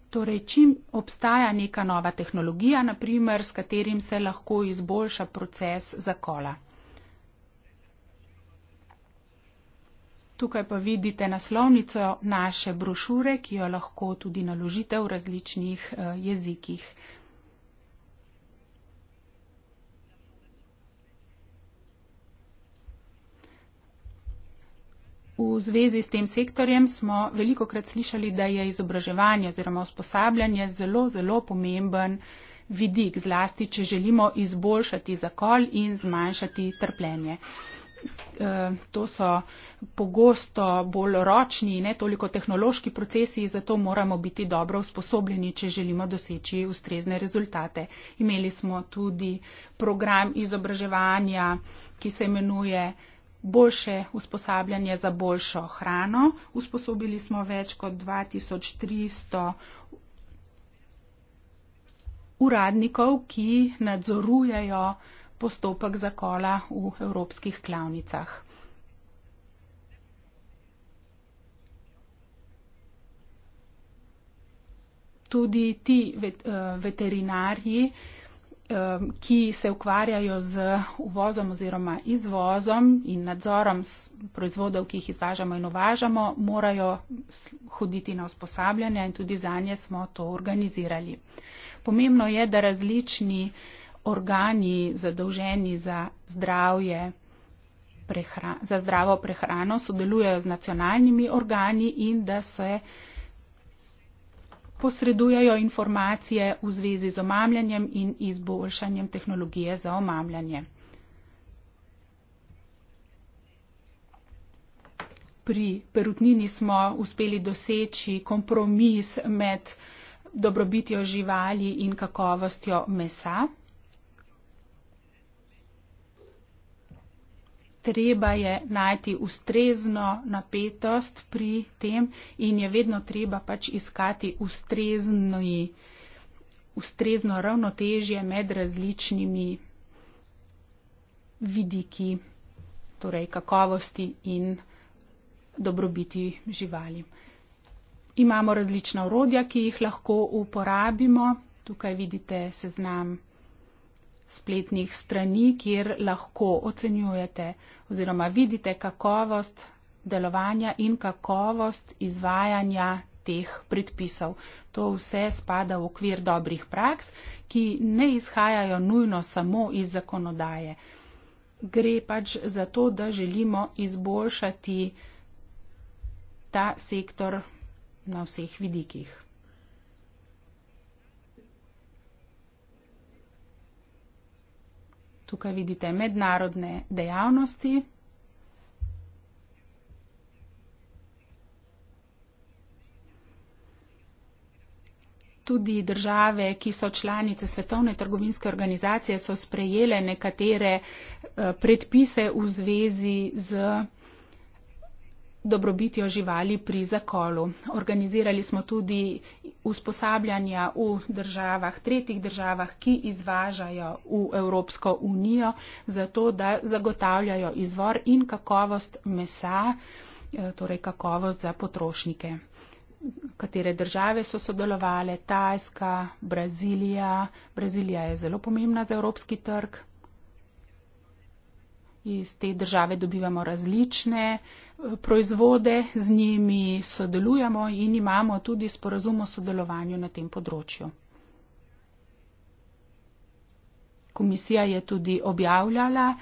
Torej, čim obstaja neka nova tehnologija, naprimer, s katerim se lahko izboljša proces zakola. Tukaj pa vidite naslovnico naše brošure, ki jo lahko tudi naložite v različnih eh, jezikih. V zvezi s tem sektorjem smo veliko krat slišali, da je izobraževanje oziroma usposabljanje zelo, zelo pomemben vidik, zlasti, če želimo izboljšati zakol in zmanjšati trpljenje. Eh, to so pogosto bolj ročni, ne toliko tehnološki procesi, zato moramo biti dobro usposobljeni, če želimo doseči ustrezne rezultate. Imeli smo tudi program izobraževanja, ki se imenuje boljše usposabljanje za boljšo hrano. Usposobili smo več kot 2300 uradnikov, ki nadzorujejo postopek zakola v evropskih klavnicah. Tudi ti eh, veterinarji, eh, ki se ukvarjajo z uvozom oziroma izvozom in nadzorom proizvodov, ki jih izvažamo in uvažamo, morajo hoditi na usposabljanje in tudi za nje smo to organizirali. Pomembno je, da različni organi zadolženi za zdravje, prehra, za zdravo prehrano sodelujejo z nacionalnimi organi in da se posredujejo informacije v zvezi z omamljanjem in izboljšanjem tehnologije za omamljanje. Pri perutnini smo uspeli doseči kompromis med dobrobitjo živali in kakovostjo mesa. treba je najti ustrezno napetost pri tem in je vedno treba pač iskati ustrezni, ustrezno ravnotežje med različnimi vidiki, torej kakovosti in dobrobiti živali. Imamo različna urodja, ki jih lahko uporabimo. Tukaj vidite seznam spletnih strani, kjer lahko ocenjujete oziroma vidite kakovost delovanja in kakovost izvajanja teh predpisov. To vse spada v okvir dobrih praks, ki ne izhajajo nujno samo iz zakonodaje. Gre pač za to, da želimo izboljšati ta sektor na vseh vidikih. Tukaj vidite mednarodne dejavnosti. Tudi države, ki so članice Svetovne trgovinske organizacije, so sprejele nekatere eh, predpise v zvezi z dobrobitjo živali pri zakolu. Organizirali smo tudi usposabljanja v državah, tretjih državah, ki izvažajo v Evropsko unijo, zato da zagotavljajo izvor in kakovost mesa, eh, torej kakovost za potrošnike. Katere države so sodelovale? Tajska, Brazilija. Brazilija je zelo pomembna za evropski trg iz te države dobivamo različne eh, proizvode, z njimi sodelujemo in imamo tudi sporazum o sodelovanju na tem področju. Komisija je tudi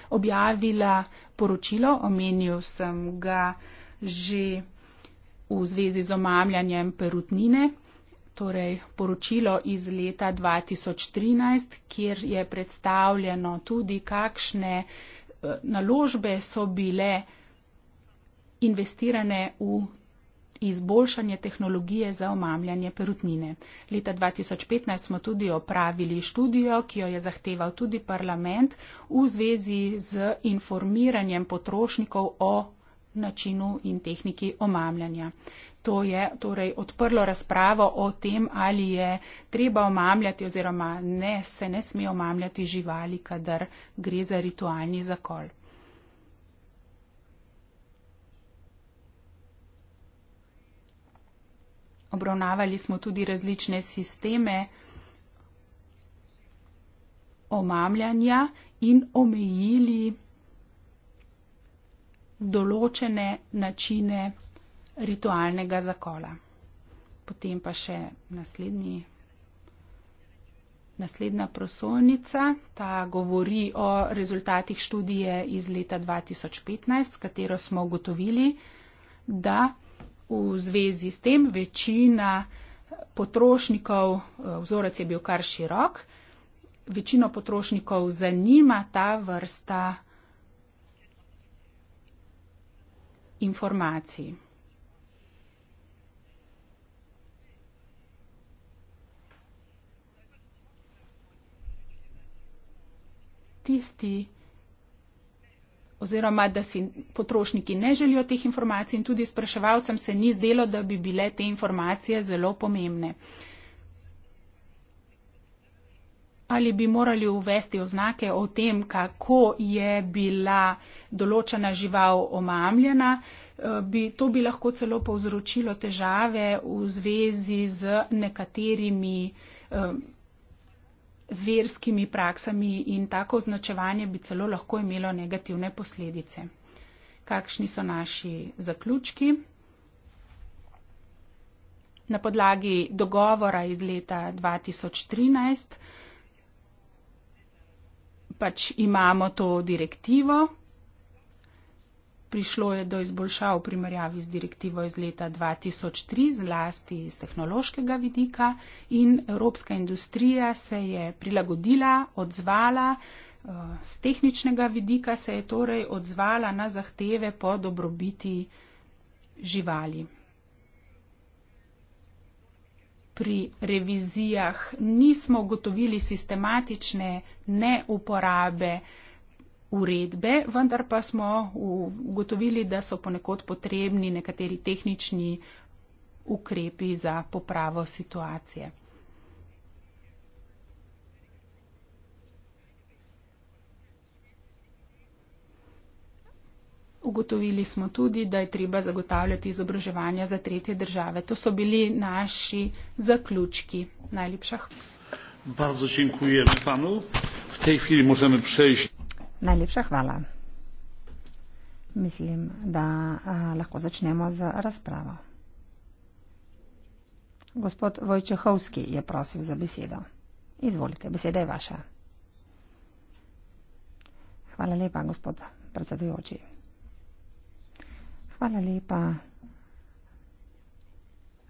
objavila poročilo, omenil sem ga že v zvezi z omamljanjem perutnine, torej poročilo iz leta 2013, kjer je predstavljeno tudi kakšne naložbe so bile investirane v izboljšanje tehnologije za omamljanje perutnine. Leta 2015 smo tudi opravili študijo, ki jo je zahteval tudi parlament v zvezi z informiranjem potrošnikov o načinu in tehniki omamljanja. To je torej odprlo razpravo o tem, ali je treba omamljati oziroma ne, se ne sme omamljati živali, kadar gre za ritualni zakol. Obravnavali smo tudi različne sisteme omamljanja in omejili določene načine ritualnega zakola. Potem pa še naslednji, naslednja prosolnica, ta govori o rezultatih študije iz leta 2015, katero smo ugotovili, da v zvezi s tem večina potrošnikov, vzorec je bil kar širok, večino potrošnikov zanima ta vrsta informacij. Tisti, oziroma da si potrošniki ne želijo teh informacij in tudi spraševalcem se ni zdelo, da bi bile te informacije zelo pomembne. Uh, ali bi morali uvesti oznake o tem, kako je bila določena žival omamljena, eh, bi, to bi lahko celo povzročilo težave v zvezi z nekaterimi eh, verskimi praksami in tako označevanje bi celo lahko imelo negativne posledice. Kakšni so naši zaključki? Na podlagi dogovora iz leta 2013 pač imamo to direktivo. Prišlo je do izboljšav v primerjavi z direktivo iz leta 2003, zlasti iz tehnološkega vidika in evropska industrija se je prilagodila, odzvala, z eh, tehničnega vidika se je torej odzvala na zahteve po dobrobiti živali pri revizijah nismo gotovili sistematične neuporabe uredbe, vendar pa smo ugotovili, da so ponekod potrebni nekateri tehnični ukrepi za popravo situacije. Ugotovili smo tudi, da je treba zagotavljati izobraževanja za tretje države. To so bili naši zaključki. Najlepša hvala. Mislim, da a, lahko začnemo z razpravo. Gospod Vojčehovski je prosil za besedo. Izvolite, beseda je vaša. Hvala lepa, gospod predsedujoči. Hvala lepa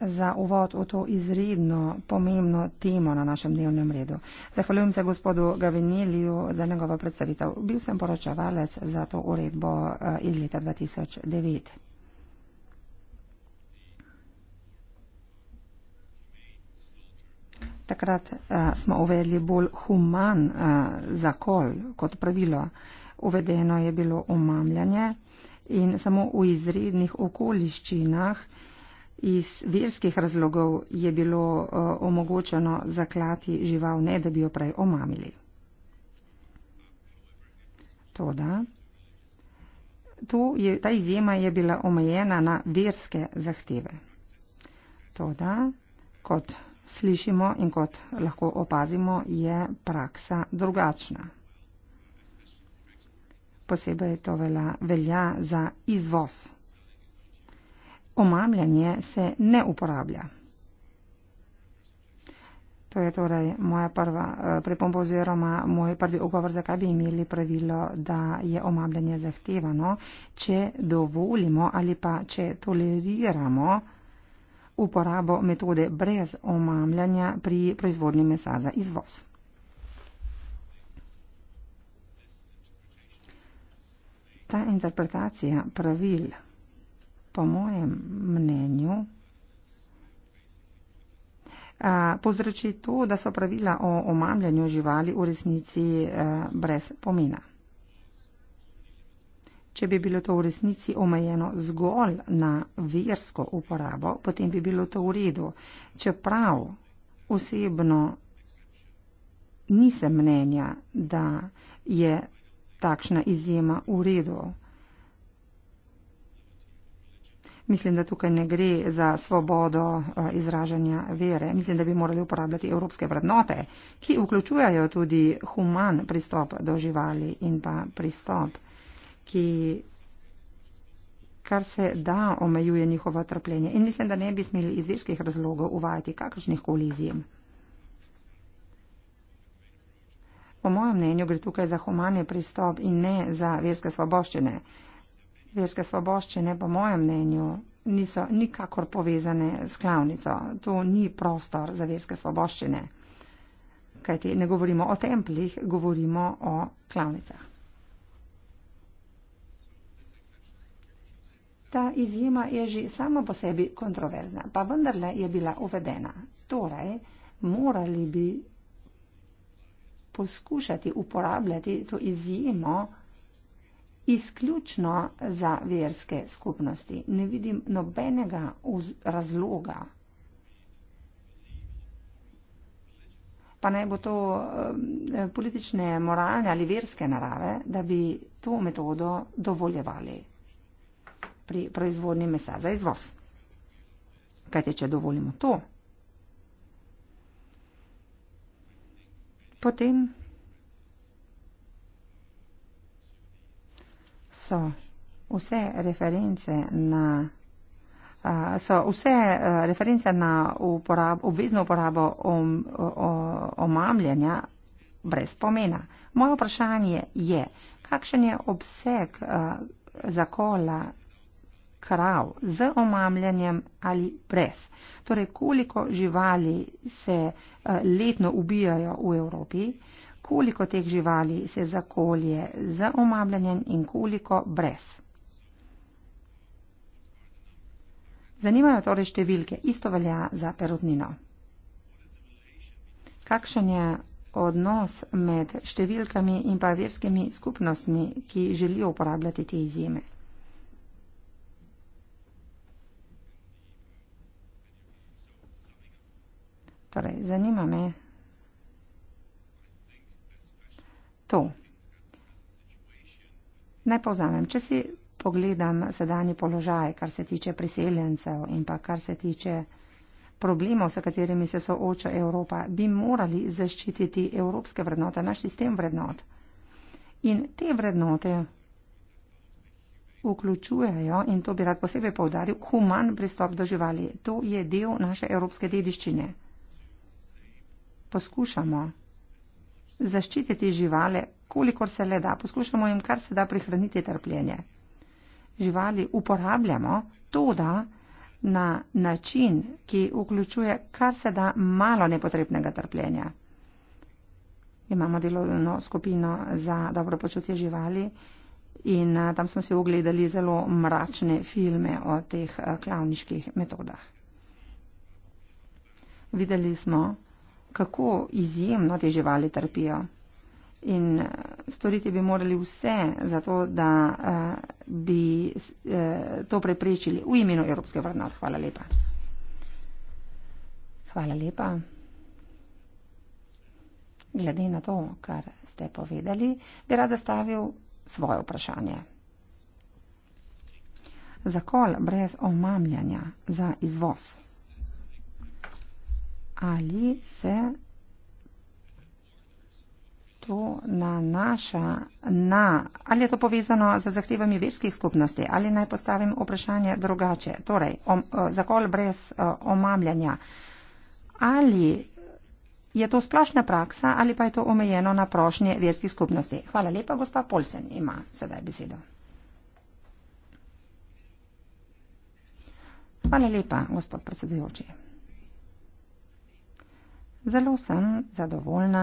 za uvod v to izredno pomembno temo na našem dnevnem redu. Zahvaljujem se gospodu Gaviniliju za njegovo predstavitev. Bil sem poročevalec za to uredbo eh, iz leta 2009. Takrat uh, smo uvedli bolj human uh, zakol kot pravilo. Uvedeno je bilo omamljanje in samo v izrednih okoliščinah iz verskih razlogov je bilo eh, omogočeno zaklati žival, ne da bi jo prej omamili. Toda, to je, ta izjema je bila omejena na verske zahteve. Toda, kot slišimo in kot lahko opazimo, je praksa drugačna posebej to velja, velja za izvoz. Omamljanje se ne uporablja. To je torej moja prva eh, pripomba oziroma moj prvi ugovor, zakaj bi imeli pravilo, da je omamljanje zahtevano, če dovolimo ali pa če toleriramo uporabo metode brez omamljanja pri proizvodnji mesa za izvoz. ta interpretacija pravil, po mojem mnenju, povzroči to, da so pravila o omamljanju živali v resnici brez pomena. Če bi bilo to v resnici omejeno zgolj na versko uporabo, potem bi bilo to v redu. Čeprav osebno nisem mnenja, da je takšna izjema v redu. Mislim, da tukaj ne gre za svobodo eh, izražanja vere. Mislim, da bi morali uporabljati evropske vrednote, ki vključujajo tudi human pristop do živali in pa pristop, ki kar se da omejuje njihovo trpljenje. In mislim, da ne bi smeli iz verskih razlogov uvajati kakršnih kolizij. Po mojem mnenju gre tukaj za humanje pristop in ne za verske svoboščine. Verske svoboščine, po mojem mnenju, niso nikakor povezane s klavnico. To ni prostor za verske svoboščine. Kajti ne govorimo o templjih, govorimo o klavnicah. Ta izjema je že sama po sebi kontroverzna, pa vendarle je bila uvedena. Torej, morali bi poskušati uporabljati to izjemo izključno za verske skupnosti. Ne vidim nobenega razloga. pa naj bo to eh, politične, moralne ali verske narave, da bi to metodo dovoljevali pri proizvodnji mesa za izvoz. Kajte, če dovolimo to, Potem so vse reference na So vse reference na uporab, obvezno uporabo om, o, o, omamljanja brez pomena. Moje vprašanje je, kakšen je obseg a, zakola krav z omamljanjem ali brez. Torej, koliko živali se eh, letno ubijajo v Evropi, koliko teh živali se zakolje z omamljanjem in koliko brez. Zanimajo torej številke, isto velja za perutnino. Kakšen je odnos med številkami in pa verskimi skupnostmi, ki želijo uporabljati te izjeme? Torej, zanima me to. Naj povzamem, če si pogledam sedanji položaj, kar se tiče priseljencev in pa kar se tiče problemov, s katerimi se sooča Evropa, bi morali zaščititi evropske vrednote, naš sistem vrednot. In te vrednote vključujejo, in to bi rad posebej povdaril, human pristop do živali. To je del naše evropske dediščine poskušamo zaščititi živale, kolikor se le da, poskušamo jim kar se da prihraniti trpljenje. Živali uporabljamo to, da na način, ki vključuje kar se da malo nepotrebnega trpljenja. Imamo delovno skupino za dobro počutje živali in eh, tam smo si ogledali zelo mračne filme o teh eh, klavniških metodah. Videli smo, kako izjemno te živali trpijo. In storiti bi morali vse za to, da uh, bi uh, to preprečili v imenu Evropske vrednot. Hvala lepa. Hvala lepa. Glede na to, kar ste povedali, bi rad zastavil svoje vprašanje. Zakol brez omamljanja za izvoz ali se to nanaša na, ali je to povezano z zahtevami verskih skupnosti, ali naj postavim vprašanje drugače, torej om, eh, zakol brez eh, omamljanja, ali je to splošna praksa ali pa je to omejeno na prošnje verskih skupnosti. Hvala lepa, gospa Polsen ima sedaj besedo. Hvala lepa, gospod predsedujoči. Zelo sem zadovoljna.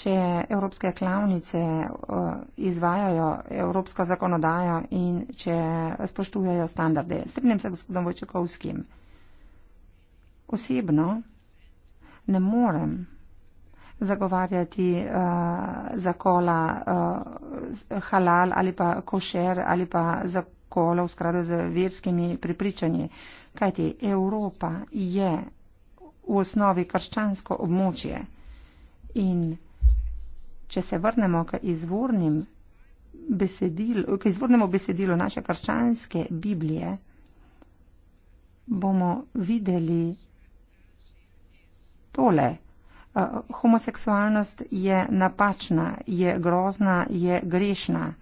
Če evropske klavnice izvajajo evropsko zakonodajo in če spoštujejo standarde, strinjam se gospodom Vojčakovskim. Osebno ne morem zagovarjati uh, zakola uh, halal ali pa košer ali pa zakola v skladu z verskimi pripričanji. Kajti Evropa je v osnovi krščansko območje in če se vrnemo k izvornim besedilu, k izvornemu besedilu naše krščanske Biblije, bomo videli tole. Eh, homoseksualnost je napačna, je grozna, je grešna.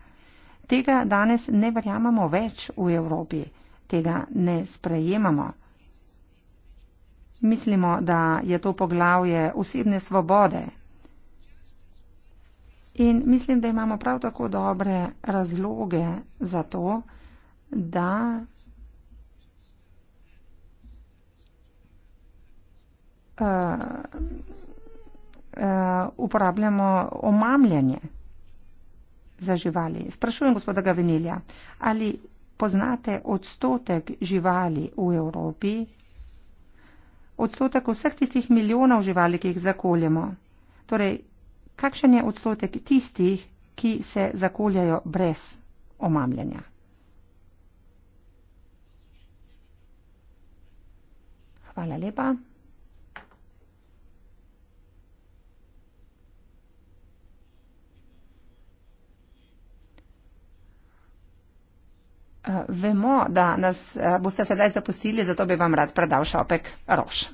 Tega danes ne verjamemo več v Evropi, tega ne sprejemamo. Mislimo, da je to poglavje osebne svobode. In mislim, da imamo prav tako dobre razloge za to, da uh, uh, uporabljamo omamljanje za živali. Sprašujem gospoda Gavinilja, ali poznate odstotek živali v Evropi, odstotek vseh tistih milijonov živali, ki jih zakoljemo. Torej, kakšen je odstotek tistih, ki se zakoljajo brez omamljanja? Hvala lepa. Eh, vemo, da nas eh, boste sedaj zapustili, zato bi vam rad predal šopek Roš.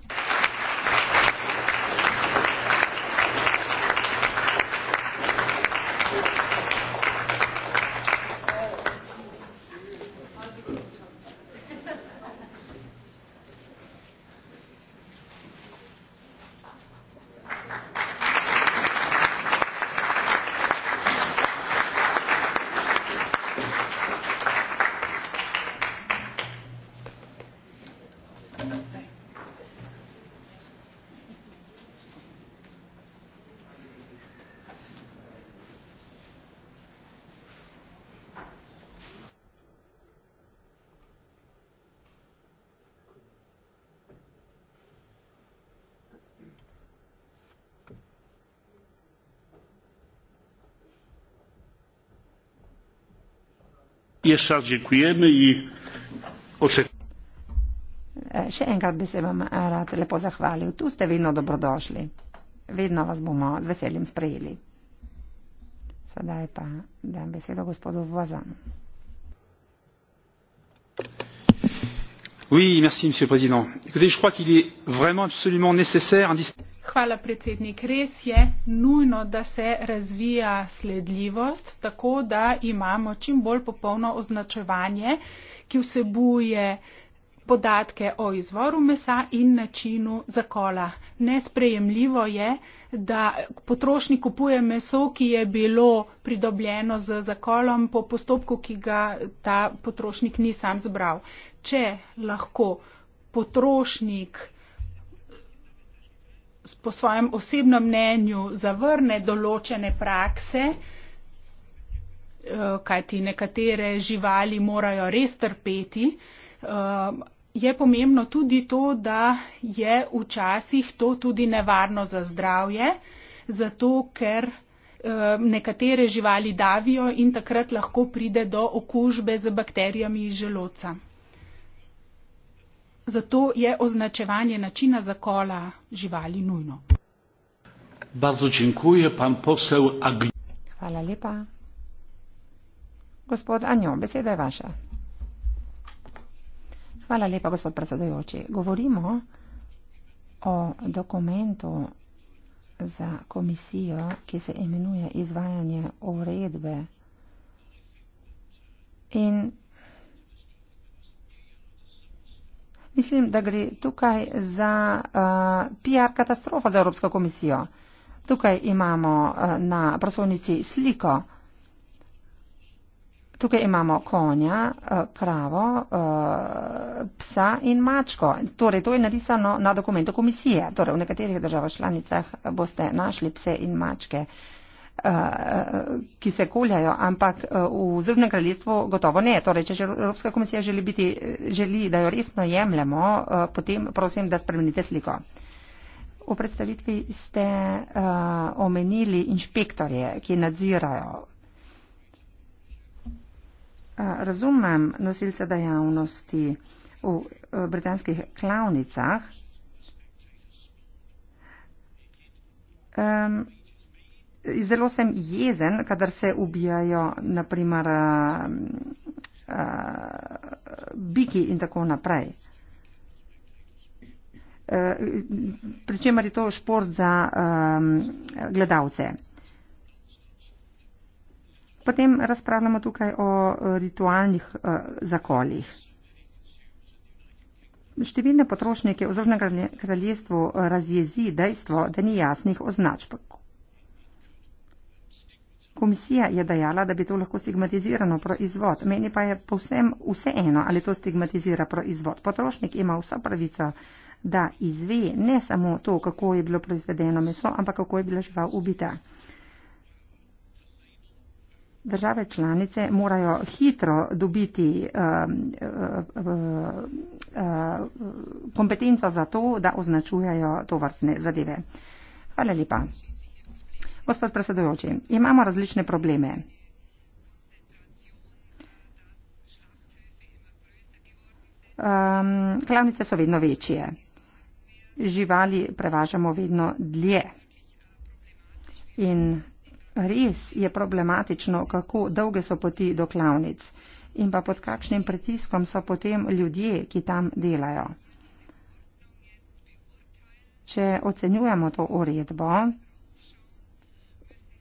jeszcze raz dziękujemy i oczekujemy. Še enkrat bi se vam eh, rad lepo zahvalil. Tu ste vedno dobrodošli. Vedno vas bomo z veseljem sprejeli. Sedaj pa dam besedo gospodu Vazanu. Oui, merci, monsieur le président. Écoutez, je crois qu'il est vraiment absolument nécessaire, indispensable. Hvala, predsednik. Res je nujno, da se razvija sledljivost, tako da imamo čim bolj popolno označevanje, ki vsebuje podatke o izvoru mesa in načinu zakola. Nesprejemljivo je, da potrošnik kupuje meso, ki je bilo pridobljeno z zakolom po postopku, ki ga ta potrošnik ni sam zbral. Če lahko potrošnik po svojem osebnem mnenju zavrne določene prakse, eh, kajti nekatere živali morajo res trpeti, eh, je pomembno tudi to, da je včasih to tudi nevarno za zdravje, zato ker eh, nekatere živali davijo in takrat lahko pride do okužbe z bakterijami iz želodca. Zato je označevanje načina zakola živali nujno. Bardzo dziękuję, pan poseł Agni. Hvala lepa. Gospod Anjo, beseda je vaša. Hvala lepa, gospod predsedujoči. Govorimo o dokumentu za komisijo, ki se imenuje izvajanje uredbe. In Mislim, da gre tukaj za uh, eh, PR katastrofo za Evropsko komisijo. Tukaj imamo uh, na prosovnici sliko. Tukaj imamo konja, kravo, eh, psa in mačko. Torej, to je narisano na dokumentu komisije. Torej, v nekaterih državah članicah boste našli pse in mačke. Uh, Eh, ki se koljajo, ampak eh, v Združenem kraljestvu gotovo ne. Torej, če Evropska komisija želi, biti, želi, da jo resno jemljemo, eh, potem prosim, da spremenite sliko. V predstavitvi ste uh, omenili inšpektorje, ki nadzirajo. Uh, razumem nosilce dejavnosti v uh, britanskih klavnicah. Um, zelo sem jezen, kadar se ubijajo, naprimer, uh, eh, eh, biki in tako naprej. Eh, Pričemer je to šport za um, gledalce. Potem razpravljamo tukaj o ritualnih uh, zakoljih. Številne potrošnike v Zožnem kraljestvu razjezi dejstvo, da ni jasnih označb, Komisija je dejala, da bi to lahko stigmatizirano proizvod. Meni pa je povsem vseeno, ali to stigmatizira proizvod. Potrošnik ima vsa pravica, da izve ne samo to, kako je bilo proizvedeno meso, ampak kako je bila žival ubita. Države članice morajo hitro dobiti uh, uh, uh, uh, kompetenco za to, da označujejo to vrstne zadeve. Hvala lepa. Gospod predsedujoči, imamo različne probleme. Um, klavnice so vedno večje. Živali prevažamo vedno dlje. In res je problematično, kako dolge so poti do klavnic in pa pod kakšnim pritiskom so potem ljudje, ki tam delajo. Če ocenjujemo to uredbo,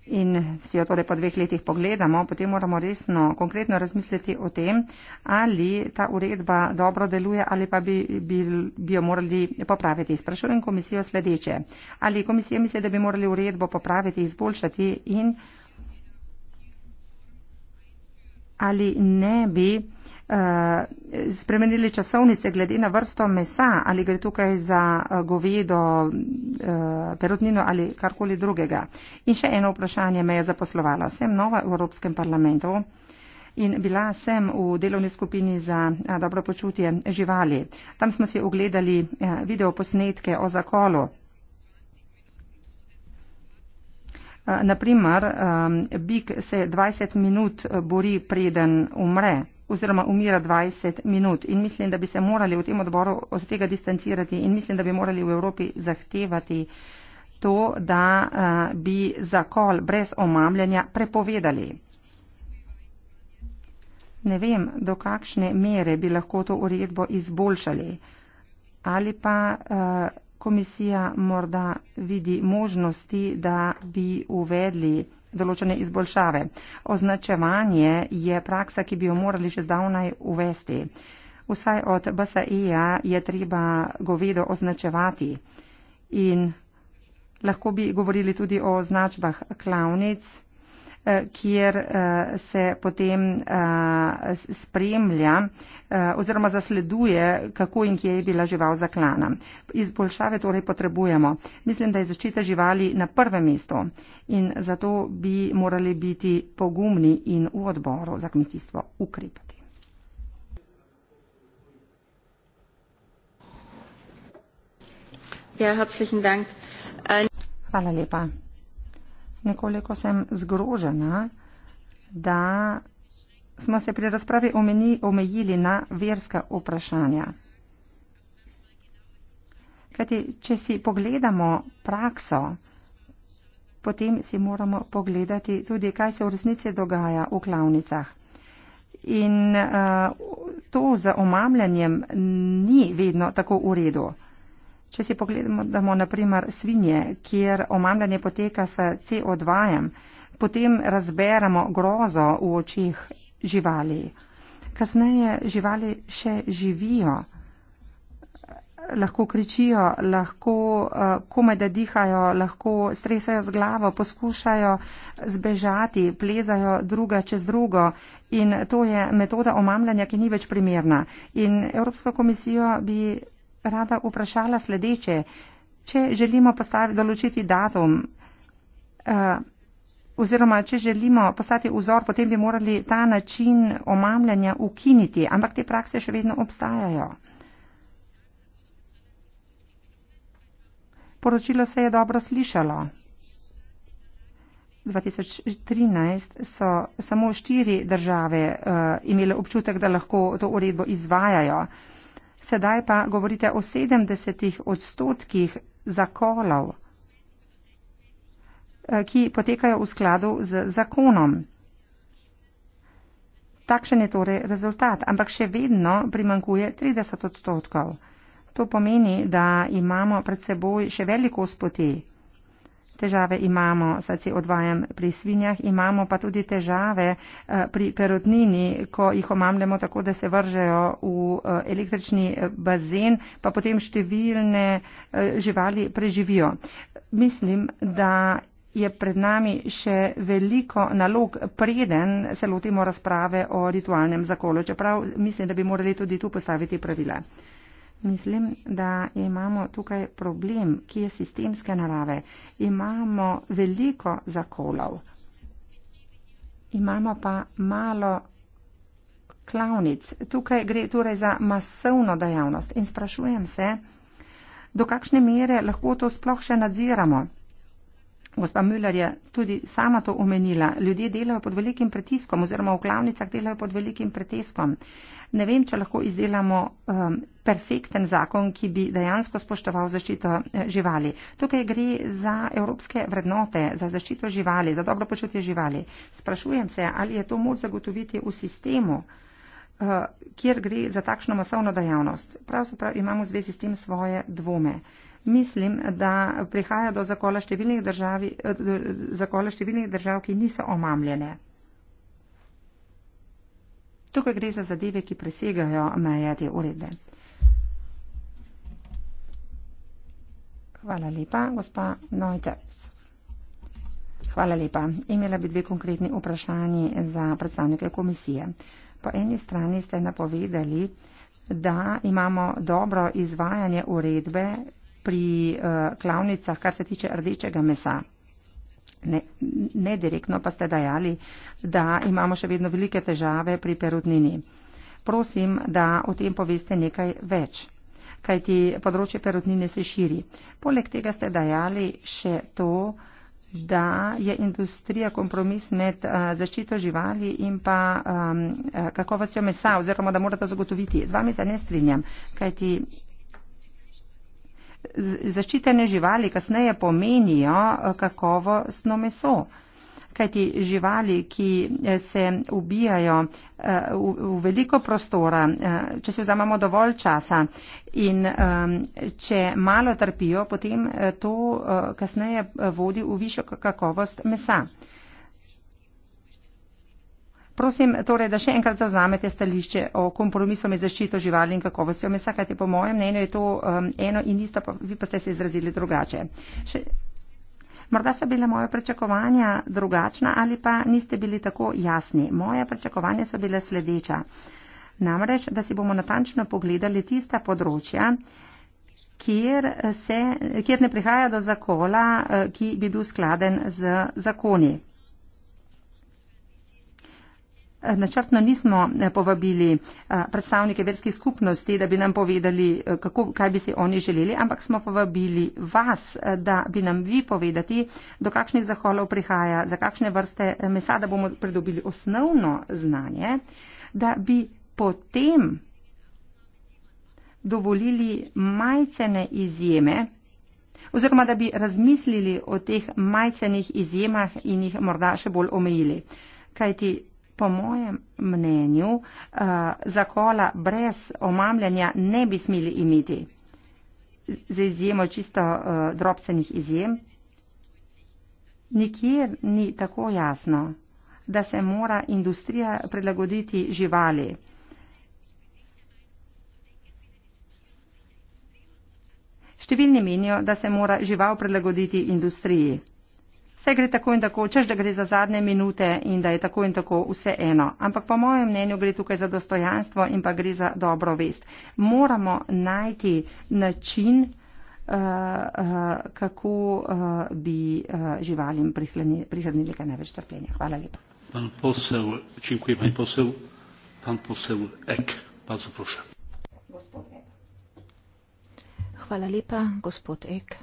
in si jo torej po dveh letih pogledamo, potem moramo resno, konkretno razmisliti o tem, ali ta uredba dobro deluje ali pa bi, bi, bi jo morali popraviti. Sprašujem komisijo sledeče. Ali komisija misli, da bi morali uredbo popraviti, izboljšati in ali ne bi uh, spremenili časovnice glede na vrsto mesa, ali gre tukaj za eh, govedo, uh, perutnino ali karkoli drugega. In še eno vprašanje me je zaposlovalo. Sem nova v Evropskem parlamentu. In bila sem v delovni skupini za dobro počutje živali. Tam smo si ogledali video posnetke o zakolu. Naprimer, bik se 20 minut eh, bori, preden umre oziroma umira 20 minut. In mislim, da bi se morali v tem odboru od tega distancirati in mislim, da bi morali v Evropi zahtevati to, da eh, bi zakol brez omamljanja prepovedali. Ne vem, do kakšne mere bi lahko to uredbo izboljšali ali pa uh, komisija morda vidi možnosti, da bi uvedli določene izboljšave. Označevanje je praksa, ki bi jo morali že zdavnaj uvesti. Vsaj od BSI-ja je treba govedo označevati in lahko bi govorili tudi o označbah klavnic. Eh, kjer eh, se potem eh, spremlja oziroma zasleduje, kako in kje je bila žival zaklana. Izboljšave torej potrebujemo. Mislim, da je zaščita živali na prvem mestu in zato bi morali biti pogumni in v odboru za kmetijstvo ukrepati. Ja, Hvala lepa nekoliko sem zgrožena, da smo se pri razpravi omejili na verska vprašanja. Kajti, če si pogledamo prakso, potem si moramo pogledati tudi, kaj se v resnici dogaja v klavnicah. In uh, to za omamljanjem ni vedno tako v redu. Če si pogledamo, na primer, svinje, kjer omamljanje poteka s CO2, potem razberemo grozo v očih živali. Kasneje živali še živijo, lahko kričijo, lahko eh, komaj da dihajo, lahko stresajo z glavo, poskušajo zbežati, plezajo druga čez drugo in to je metoda omamljanja, ki ni več primerna. In Evropska komisija bi rada vprašala sledeče. Če želimo postaviti določiti datum eh, oziroma če želimo postati vzor, potem bi morali ta način omamljanja ukiniti, ampak te prakse še vedno obstajajo. Poročilo se je dobro slišalo. 2013 so samo štiri države uh, imele občutek, da lahko to uredbo izvajajo. Uh, Sedaj pa govorite o 70 odstotkih zakolov, eh, ki potekajo v skladu z zakonom. Takšen je torej rezultat, ampak še vedno primankuje 30 odstotkov. To pomeni, da imamo pred seboj še veliko spoti. Težave imamo, saj si odvajam pri svinjah, imamo pa tudi težave eh, pri perutnini, ko jih omamljamo tako, da se vržejo v eh, električni eh, bazen, pa potem številne živali preživijo. Mislim, da je pred nami še veliko nalog, preden se lotimo razprave o ritualnem zakolu, čeprav mislim, da bi morali tudi tu postaviti pravila. Mislim, da imamo tukaj problem, ki je sistemske narave. Imamo veliko zakolov, imamo pa malo klavnic. Tukaj gre torej za masovno dejavnost in sprašujem se, do kakšne mere lahko to sploh še nadziramo. Gospa Müller je tudi sama to omenila. Ljudje delajo pod velikim pritiskom oziroma v glavnicah delajo pod velikim pritiskom. Ne vem, če lahko izdelamo um, perfekten zakon, ki bi dejansko spoštoval zaščito eh, živali. Tukaj gre za evropske vrednote, za zaščito živali, za dobro počutje živali. Sprašujem se, ali je to moč zagotoviti v sistemu, uh, kjer gre za takšno masovno dejavnost. Pravzaprav imamo v zvezi s tem svoje dvome. Mislim, da prihaja do zakola številnih, državi, zakola številnih držav, ki niso omamljene. Tukaj gre za zadeve, ki presegajo meje te uredbe. Hvala lepa, gospa Neutels. Hvala lepa. Imela bi dve konkretni vprašanji za predstavnike komisije. Po eni strani ste napovedali, da imamo dobro izvajanje uredbe pri eh, klavnicah, kar se tiče rdečega mesa. Nedirektno ne pa ste dajali, da imamo še vedno velike težave pri perutnini. Prosim, da o tem poveste nekaj več, kajti področje perutnine se širi. Poleg tega ste dajali še to, da je industrija kompromis med uh, zaščito živali in pa um, kakovostjo mesa, oziroma da morate zagotoviti. Z vami se ne strinjam, kajti zaščitene živali kasneje pomenijo eh, kakovostno meso. Kajti živali, ki eh, se ubijajo eh, v veliko prostora, če se vzamemo dovolj časa in če malo trpijo, potem to kasneje vodi v višjo kakovost mesa. Prosim, torej, da še enkrat zauzamete stališče o kompromisu med zaščito živali in kakovostjo mesa, kajte po mojem mnenju je to um, eno in isto, pa vi pa ste se izrazili drugače. Še, morda so bile moje pričakovanja drugačna ali pa niste bili tako jasni. Moje pričakovanja so bile sledeča. Namreč, da si bomo natančno pogledali tista področja, kjer, se, kjer ne prihaja do zakola, uh, ki bi bil skladen z zakoni načrtno nismo eh, povabili eh, predstavnike verskih skupnosti, da bi nam povedali, eh, kako, kaj bi si oni želeli, ampak smo povabili vas, da bi nam vi povedali, do kakšnih zaholov prihaja, za kakšne vrste mesa, da bomo pridobili osnovno znanje, da bi potem dovolili majcene izjeme oziroma da bi razmislili o teh majcenih izjemah in jih morda še bolj omejili. Kajti Po mojem mnenju, eh, zakola brez omamljanja ne bi smeli imeti. Za izjemo čisto eh, drobcenih izjem, nikjer ni tako jasno, da se mora industrija prilagoditi živali. Številni menijo, da se mora žival prilagoditi industriji. Vse gre tako in tako, češ, da gre za zadnje minute in da je tako in tako vse eno. Ampak po mojem mnenju gre tukaj za dostojanstvo in pa gre za dobro vest. Moramo najti način, uh, uh, kako uh, bi uh, živalim prihranili kaj največ trpljenja. Hvala lepa. Pan posel, činkuje pan posel, pan posel Ek, pa zaprošam. Hvala lepa, gospod Ek.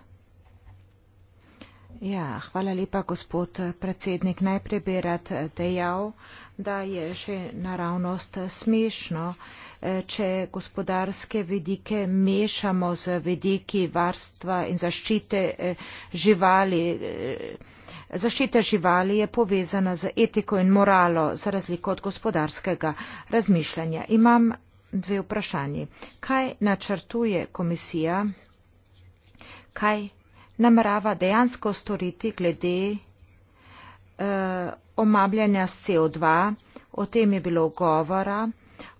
Ja, hvala lepa, gospod predsednik. Najprej bi rad eh, dejal, da je še naravnost eh, smešno, eh, če gospodarske vidike mešamo z vidiki varstva in zaščite živali. Zaščita živali je povezana z etiko in moralo, za razliko od gospodarskega razmišljanja. Imam dve vprašanje. Kaj načrtuje komisija? Kaj namerava dejansko storiti glede eh, omamljanja s CO2, o tem je bilo govora,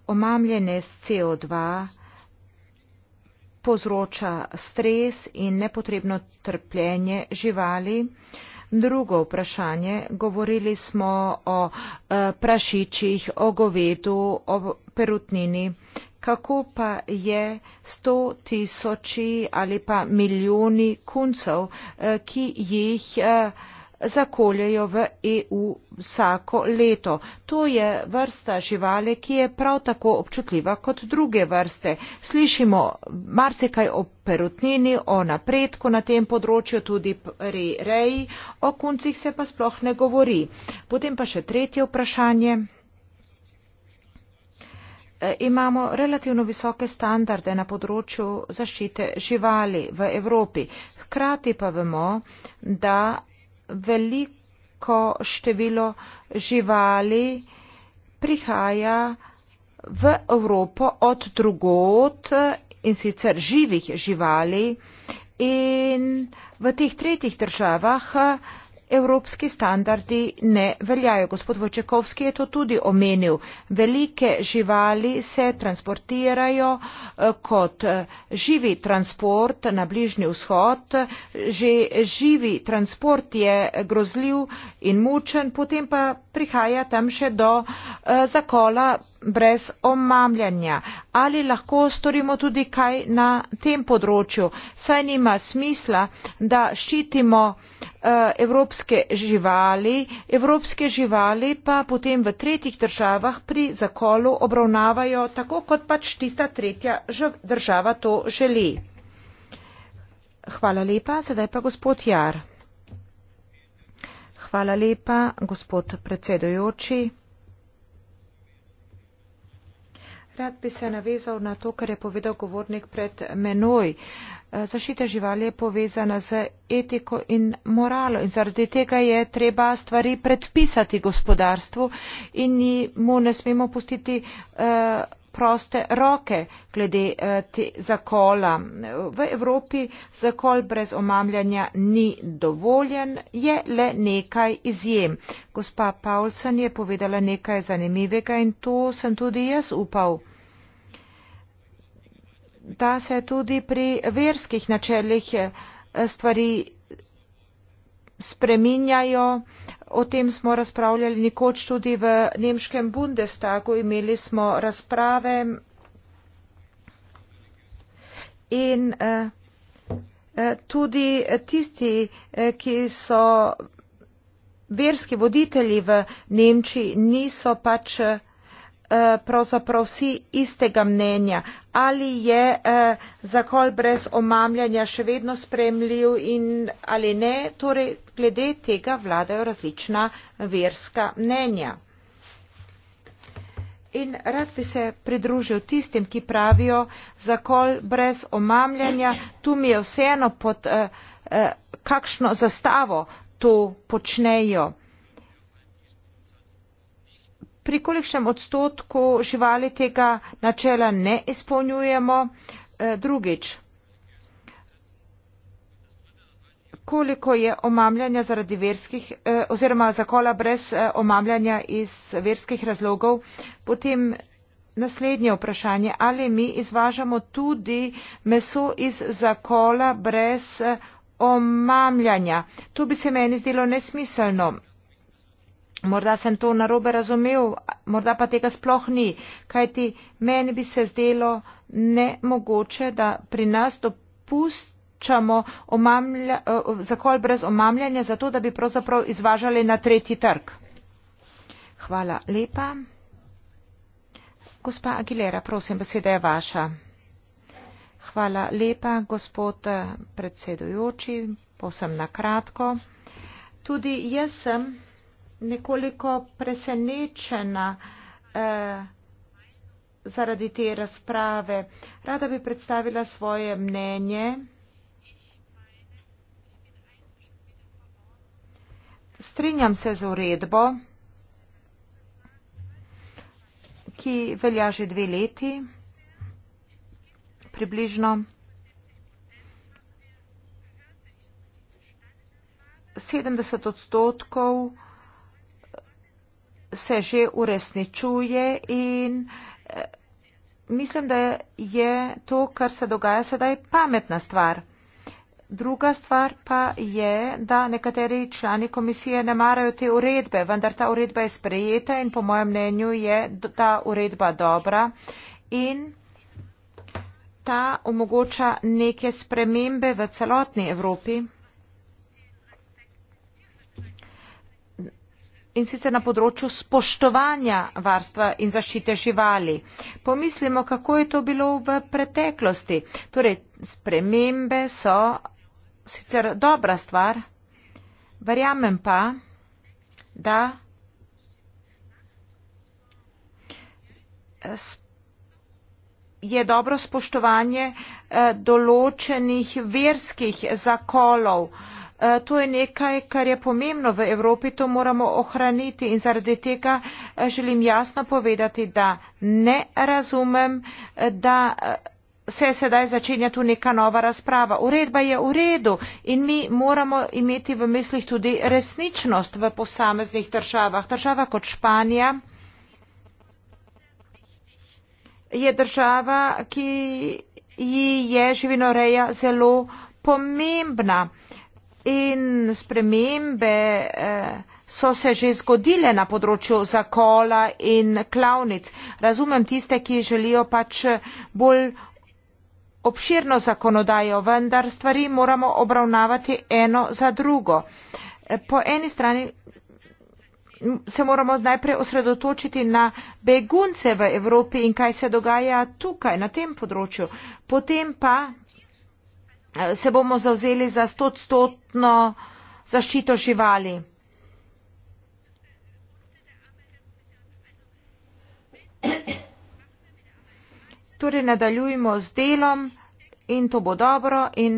omamljanje s CO2 povzroča stres in nepotrebno trpljenje živali. Drugo vprašanje, govorili smo o eh, prašičih, o govedu, o perutnini kako pa je sto tisoči ali pa milijoni kuncev, eh, ki jih eh, zakoljejo v EU vsako leto. To je vrsta živali, ki je prav tako občutljiva kot druge vrste. Slišimo marsikaj o perutnini, o napredku na tem področju, tudi pri reji, o kuncih se pa sploh ne govori. Potem pa še tretje vprašanje. E, imamo relativno visoke standarde na področju zaščite živali v Evropi. Hkrati pa vemo, da veliko število živali prihaja v Evropo od drugot in sicer živih živali in v teh tretjih državah evropski standardi ne veljajo. Gospod Vojčekovski je to tudi omenil. Velike živali se transportirajo eh, kot eh, živi transport na bližnji vzhod. Že živi transport je grozljiv in mučen, potem pa prihaja tam še do eh, zakola brez omamljanja. Ali lahko storimo tudi kaj na tem področju? Saj nima smisla, da ščitimo Eh, evropske živali, evropske živali pa potem v tretjih državah pri zakolu obravnavajo tako, kot pač tista tretja država to želi. Hvala lepa, sedaj pa gospod Jar. Hvala lepa, gospod predsedojoči. Rad bi se navezal na to, kar je povedal govornik pred menoj. Uh, Eh, zaščita živali je povezana z etiko in moralo in zaradi tega je treba stvari predpisati gospodarstvu in mu ne smemo pustiti eh, proste roke glede eh, te zakola. V Evropi zakol brez omamljanja ni dovoljen, je le nekaj izjem. Gospa Paulsen je povedala nekaj zanimivega in to sem tudi jaz upal da se tudi pri verskih načelih eh, stvari spreminjajo. O tem smo razpravljali nekoč tudi v Nemškem Bundestagu. Imeli smo razprave in eh, eh, tudi tisti, ki so verski voditelji v Nemčiji, niso pač Eh, pravzaprav vsi istega mnenja, ali je eh, zakol brez omamljanja še vedno spremljiv in ali ne, torej glede tega vladajo različna verska mnenja. In rad bi se pridružil tistim, ki pravijo zakol brez omamljanja, tu mi je vseeno pod eh, eh, kakšno zastavo to počnejo pri kolikšnem odstotku živali tega načela ne izpolnjujemo. E, drugič, koliko je omamljanja zaradi verskih e, oziroma zakola brez e, omamljanja iz verskih razlogov, potem naslednje vprašanje, ali mi izvažamo tudi meso iz zakola brez omamljanja. To bi se meni zdelo nesmiselno. Morda sem to narobe razumel, morda pa tega sploh ni, kajti meni bi se zdelo nemogoče, da pri nas dopuščamo omamlja, eh, eh, zakol brez omamljanja, zato da bi pravzaprav izvažali na tretji trg. Hvala lepa. Gospa Aguilera, prosim, beseda je vaša. Hvala lepa, gospod eh, predsedujoči, posem na kratko. Tudi jaz sem nekoliko presenečena eh, zaradi te razprave. Rada bi predstavila svoje mnenje. Strinjam se z uredbo, ki velja že dve leti, približno. 70 odstotkov se že uresničuje in eh, mislim, da je to, kar se dogaja sedaj, pametna stvar. Druga stvar pa je, da nekateri člani komisije ne marajo te uredbe, vendar ta uredba je sprejeta in po mojem mnenju je ta uredba dobra in ta omogoča neke spremembe v celotni Evropi. in sicer na področju spoštovanja varstva in zaščite živali. Pomislimo, kako je to bilo v preteklosti. Torej, spremembe so sicer dobra stvar, verjamem pa, da je dobro spoštovanje eh, določenih verskih zakolov. Eh, to je nekaj, kar je pomembno v Evropi, to moramo ohraniti in zaradi tega eh, želim jasno povedati, da ne razumem, eh, da se sedaj začenja tu neka nova razprava. Uredba je v redu in mi moramo imeti v mislih tudi resničnost v posameznih državah. Država kot Španija je država, ki ji je živinoreja zelo pomembna in spremembe eh, so se že zgodile na področju zakola in klavnic. Razumem tiste, ki želijo pač bolj obširno zakonodajo, vendar stvari moramo obravnavati eno za drugo. Eh, po eni strani se moramo najprej osredotočiti na begunce v Evropi in kaj se dogaja tukaj, na tem področju. Potem pa Eh, se bomo zauzeli za stotstotno zaščito živali. Torej nadaljujemo z delom in to bo dobro in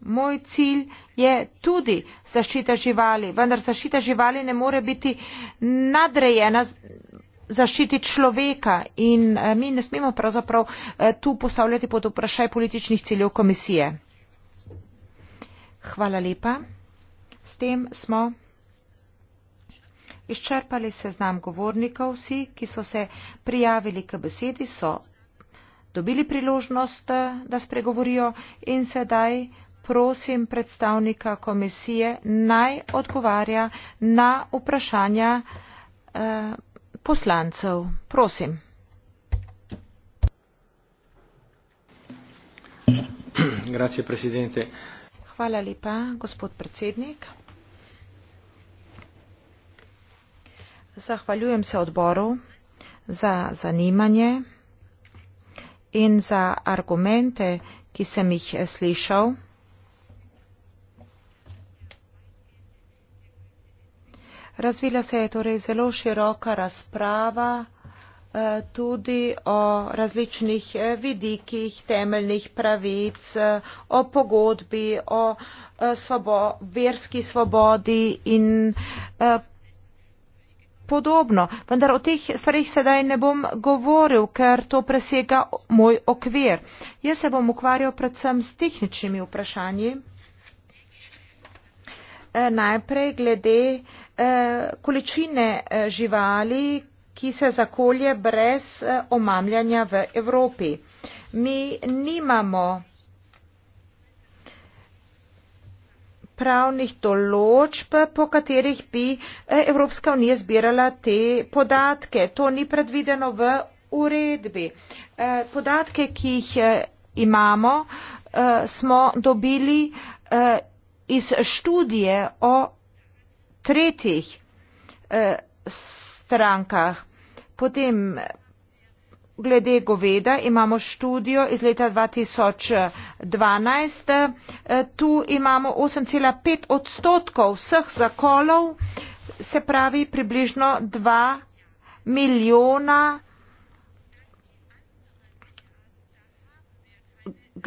moj cilj je tudi zaščita živali, vendar zaščita živali ne more biti nadrejena zaščiti človeka in eh, mi ne smemo pravzaprav eh, tu postavljati pod vprašaj političnih ciljev komisije. Hvala lepa. S tem smo izčrpali seznam govornikov. Vsi, ki so se prijavili k besedi, so dobili priložnost, da spregovorijo in sedaj prosim predstavnika komisije naj odgovarja na vprašanja eh, poslancev. Prosim. Grazie, presidente. Hvala lepa, gospod predsednik. Zahvaljujem se odboru za zanimanje in za argumente, ki sem jih eh, slišal. Razvila se je torej zelo široka razprava tudi o različnih eh, vidikih temeljnih pravic, eh, o pogodbi, o eh, svobo, verski svobodi in podobno. Vendar o teh stvarih sedaj ne bom govoril, ker to presega moj okvir. Jaz se bom ukvarjal predvsem s tehničnimi vprašanji. Najprej glede količine živali, ki se zakolje brez eh, omamljanja v Evropi. Mi nimamo pravnih določb, po katerih bi eh, Evropska unija zbirala te podatke. To ni predvideno v uredbi. Eh, podatke, ki jih imamo, smo dobili iz študije o tretjih strankah. Potem, glede goveda, imamo študijo iz leta 2012. Tu imamo 8,5 odstotkov vseh zakolov, se pravi približno 2 milijona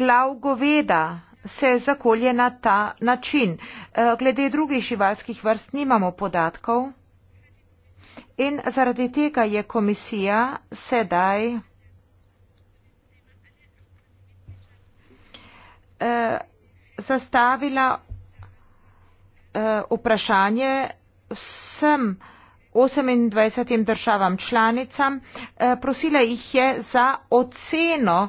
glav goveda se zakolje na ta način. Glede drugih živalskih vrst nimamo podatkov. In zaradi tega je komisija sedaj eh, zastavila eh, vprašanje vsem 28 državam članicam. Eh, prosila jih je za oceno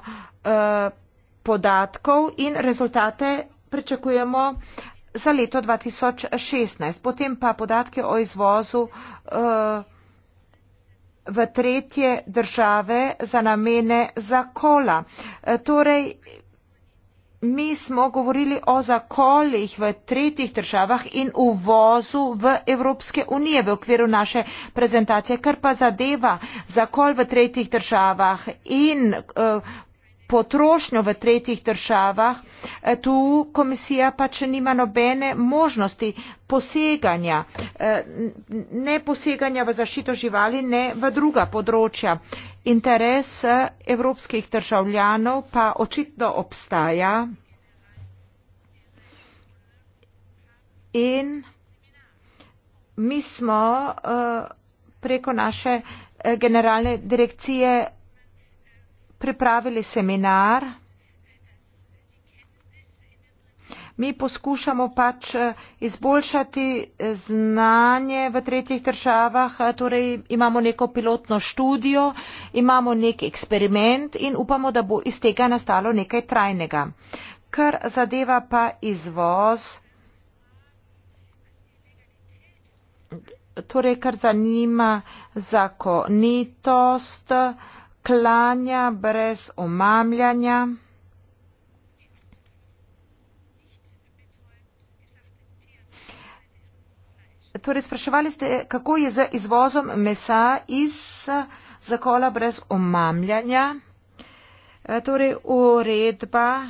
podatkov in rezultate pričakujemo za leto 2016. Potem pa podatke o izvozu 2016 v tretje države za namene zakola. E, torej, mi smo govorili o zakoljih v tretjih državah in uvozu v Evropske unije v okviru naše prezentacije, kar pa zadeva zakolj v tretjih državah in uh, potrošnjo v tretjih državah, eh, tu komisija pač nima nobene možnosti poseganja, eh, ne poseganja v zaščito živali, ne v druga področja. Interes eh, evropskih državljanov pa očitno obstaja in mi smo preko naše generalne direkcije pripravili seminar. Mi poskušamo pač eh, izboljšati eh, znanje v tretjih državah, eh, torej imamo neko pilotno študijo, imamo nek eksperiment in upamo, da bo iz tega nastalo nekaj trajnega. Kar zadeva pa izvoz, torej kar zanima zakonitost, uh, klanja brez omamljanja. Torej, spraševali ste, kako je z izvozom mesa iz zakola brez omamljanja. E, torej, uredba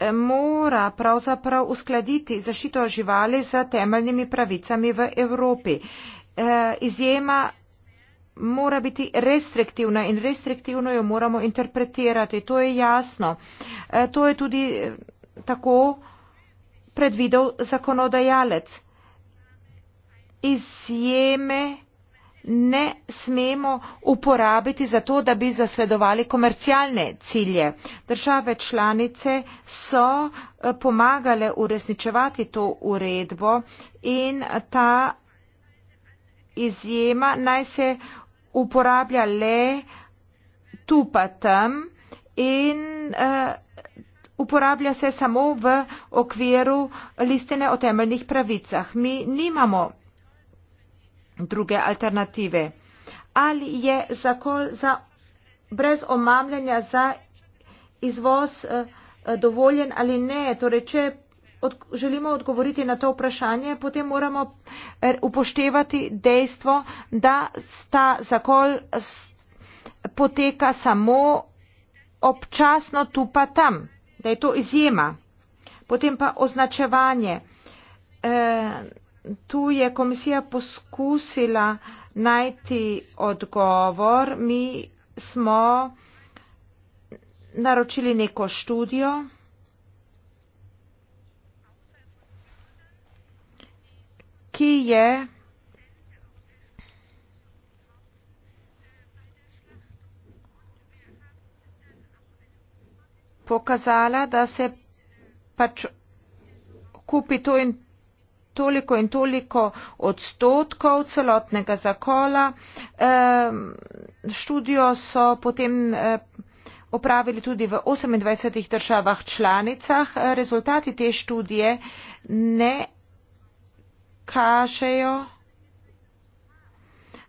e, mora pravzaprav uskladiti zašito živali z temeljnimi pravicami v Evropi. E, izjema mora biti restriktivna in restriktivno jo moramo interpretirati. To je jasno. E, to je tudi e, tako predvidel zakonodajalec. Izjeme ne smemo uporabiti za to, da bi zasledovali komercialne cilje. Države članice so e, pomagale uresničevati to uredbo in ta izjema naj se uporablja le tu pa tam in uh, uporablja se samo v okviru listine o temeljnih pravicah. Mi nimamo druge alternative. Ali je zakol za, brez omamljanja za izvoz uh, dovoljen ali ne? Torej, če od, želimo odgovoriti na to vprašanje, potem moramo eh, upoštevati dejstvo, da ta zakol poteka samo občasno tu pa tam, da je to izjema. Potem pa označevanje. E, tu je komisija poskusila najti odgovor. Mi smo naročili neko študijo. ki je pokazala, da se pač kupi to in toliko in toliko odstotkov celotnega zakola. Študijo so potem eh, opravili tudi v 28 državah članicah. Rezultati te študije ne kažejo,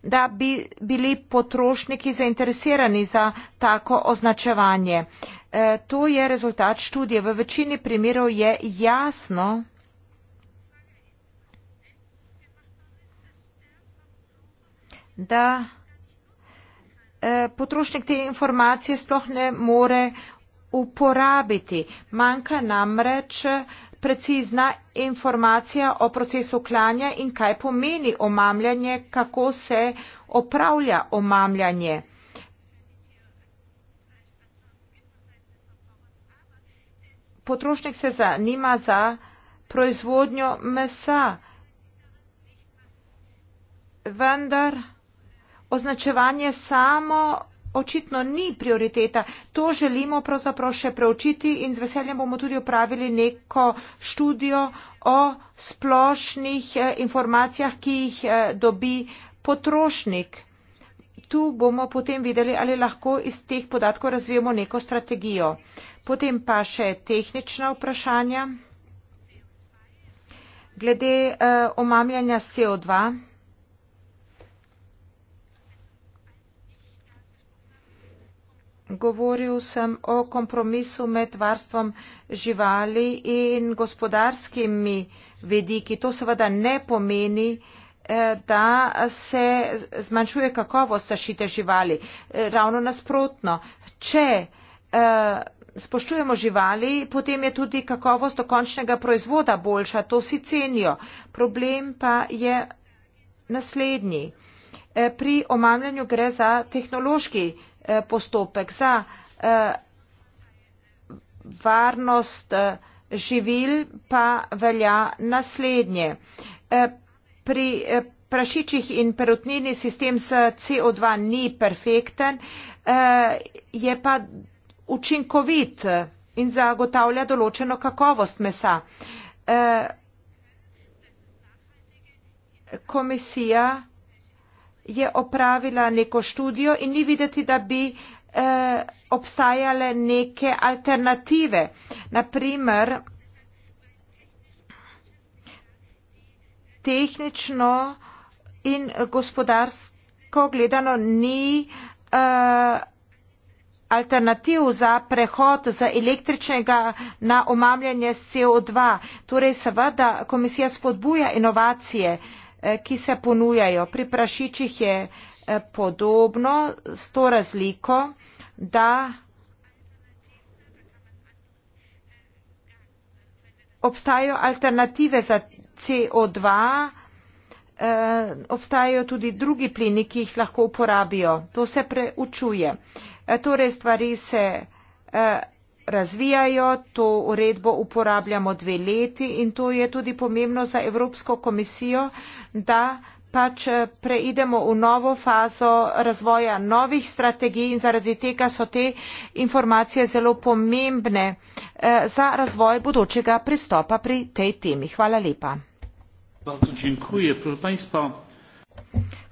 da bi bili potrošniki zainteresirani za tako označevanje. E, to je rezultat študije. V večini primerov je jasno, da e, potrošnik te informacije sploh ne more uporabiti. Manjka namreč precizna informacija o procesu klanja in kaj pomeni omamljanje, kako se opravlja omamljanje. Potrošnik se zanima za proizvodnjo mesa, vendar označevanje samo očitno ni prioriteta. To želimo pravzaprav še preučiti in z veseljem bomo tudi upravili neko študijo o splošnih eh, informacijah, ki jih eh, dobi potrošnik. Tu bomo potem videli, ali lahko iz teh podatkov razvijemo neko strategijo. Potem pa še tehnična vprašanja glede eh, omamljanja CO2. Govoril sem o kompromisu med varstvom živali in gospodarskimi vediki. To seveda ne pomeni, eh, da se zmanjšuje kakovost zašite živali. Eh, ravno nasprotno, če eh, spoštujemo živali, potem je tudi kakovost dokončnega proizvoda boljša, to vsi cenijo. Problem pa je naslednji. Pri omamljanju gre za tehnološki Eh, postopek za eh, varnost eh, živil pa velja naslednje. Pri prašičih in perutnini sistem s CO2 ni perfekten, je pa učinkovit in zagotavlja določeno kakovost mesa. Komisija je opravila neko študijo in ni videti, da bi eh, obstajale neke alternative. Naprimer, tehnično in gospodarsko gledano ni eh, alternativ za prehod za električnega na omamljanje CO2. Torej seveda komisija spodbuja inovacije. Eh, Eh, ki se ponujajo. Pri prašičih je eh, podobno s to razliko, da obstajajo alternative za CO2, eh, obstajajo tudi drugi plini, ki jih lahko uporabijo. To se preučuje. Torej stvari se razvijajo, to uredbo uporabljamo dve leti in to je tudi pomembno za Evropsko komisijo, da pač eh, preidemo v novo fazo razvoja novih strategij in zaradi tega so te informacije zelo pomembne eh, za razvoj bodočega pristopa pri tej temi. Hvala lepa.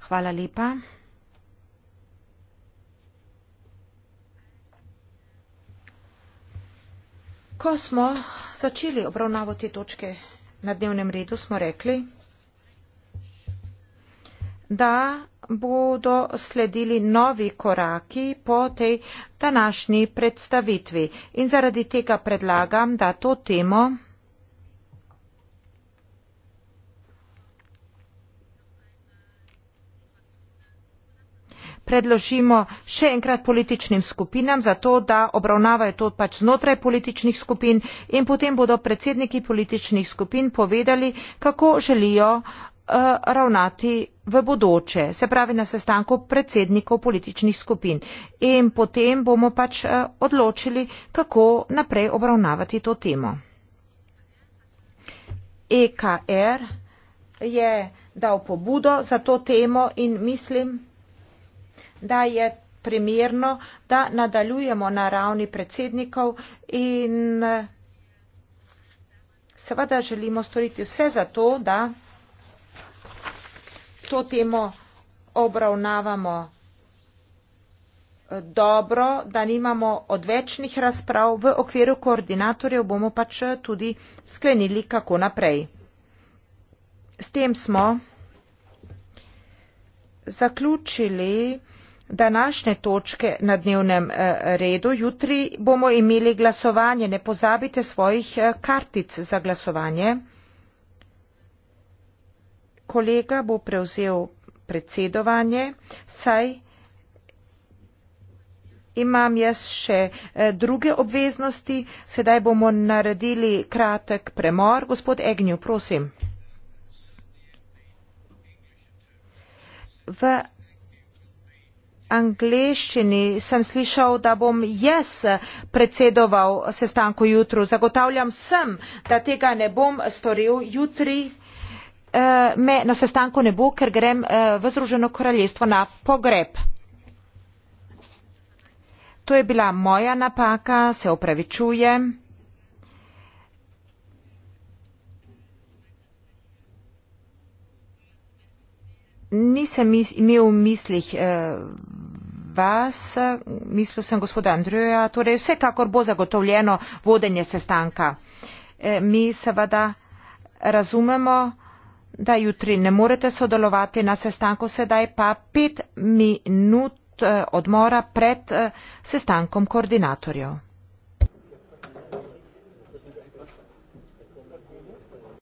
Hvala lepa. Ko smo začeli obravnavo te točke na dnevnem redu, smo rekli, da bodo sledili novi koraki po tej današnji predstavitvi. In zaradi tega predlagam, da to temo predložimo še enkrat političnim skupinam zato da obravnavajo to pač znotraj političnih skupin in potem bodo predsedniki političnih skupin povedali kako želijo eh, ravnati v bodoče se pravi na sestanku predsednikov političnih skupin in potem bomo pač eh, odločili kako naprej obravnavati to temo. EKR er je dal pobudo za to temo in mislim, da je primerno, da nadaljujemo na ravni predsednikov in seveda želimo storiti vse za to, da to temo obravnavamo dobro, da nimamo odvečnih razprav, v okviru koordinatorjev bomo pač tudi sklenili, kako naprej. S tem smo zaključili današnje točke na dnevnem eh, redu. Jutri bomo imeli glasovanje. Ne pozabite svojih eh, kartic za glasovanje. Kolega bo prevzel predsedovanje, saj imam jaz še eh, druge obveznosti. Sedaj bomo naredili kratek premor. Gospod Egnju, prosim. V angleščini sem slišal, da bom jaz predsedoval sestanku jutru. Zagotavljam sem, da tega ne bom storil jutri. Eh, me na sestanku ne bo, ker grem eh, v Združeno kraljestvo na pogreb. To je bila moja napaka, se opravičujem. nisem imel v mislih eh, vas, mislil sem gospoda Andreja, torej vsekakor bo zagotovljeno vodenje sestanka. Eh, mi seveda razumemo, da jutri ne morete sodelovati na sestanku, sedaj pa pet minut eh, odmora pred eh, sestankom koordinatorjev.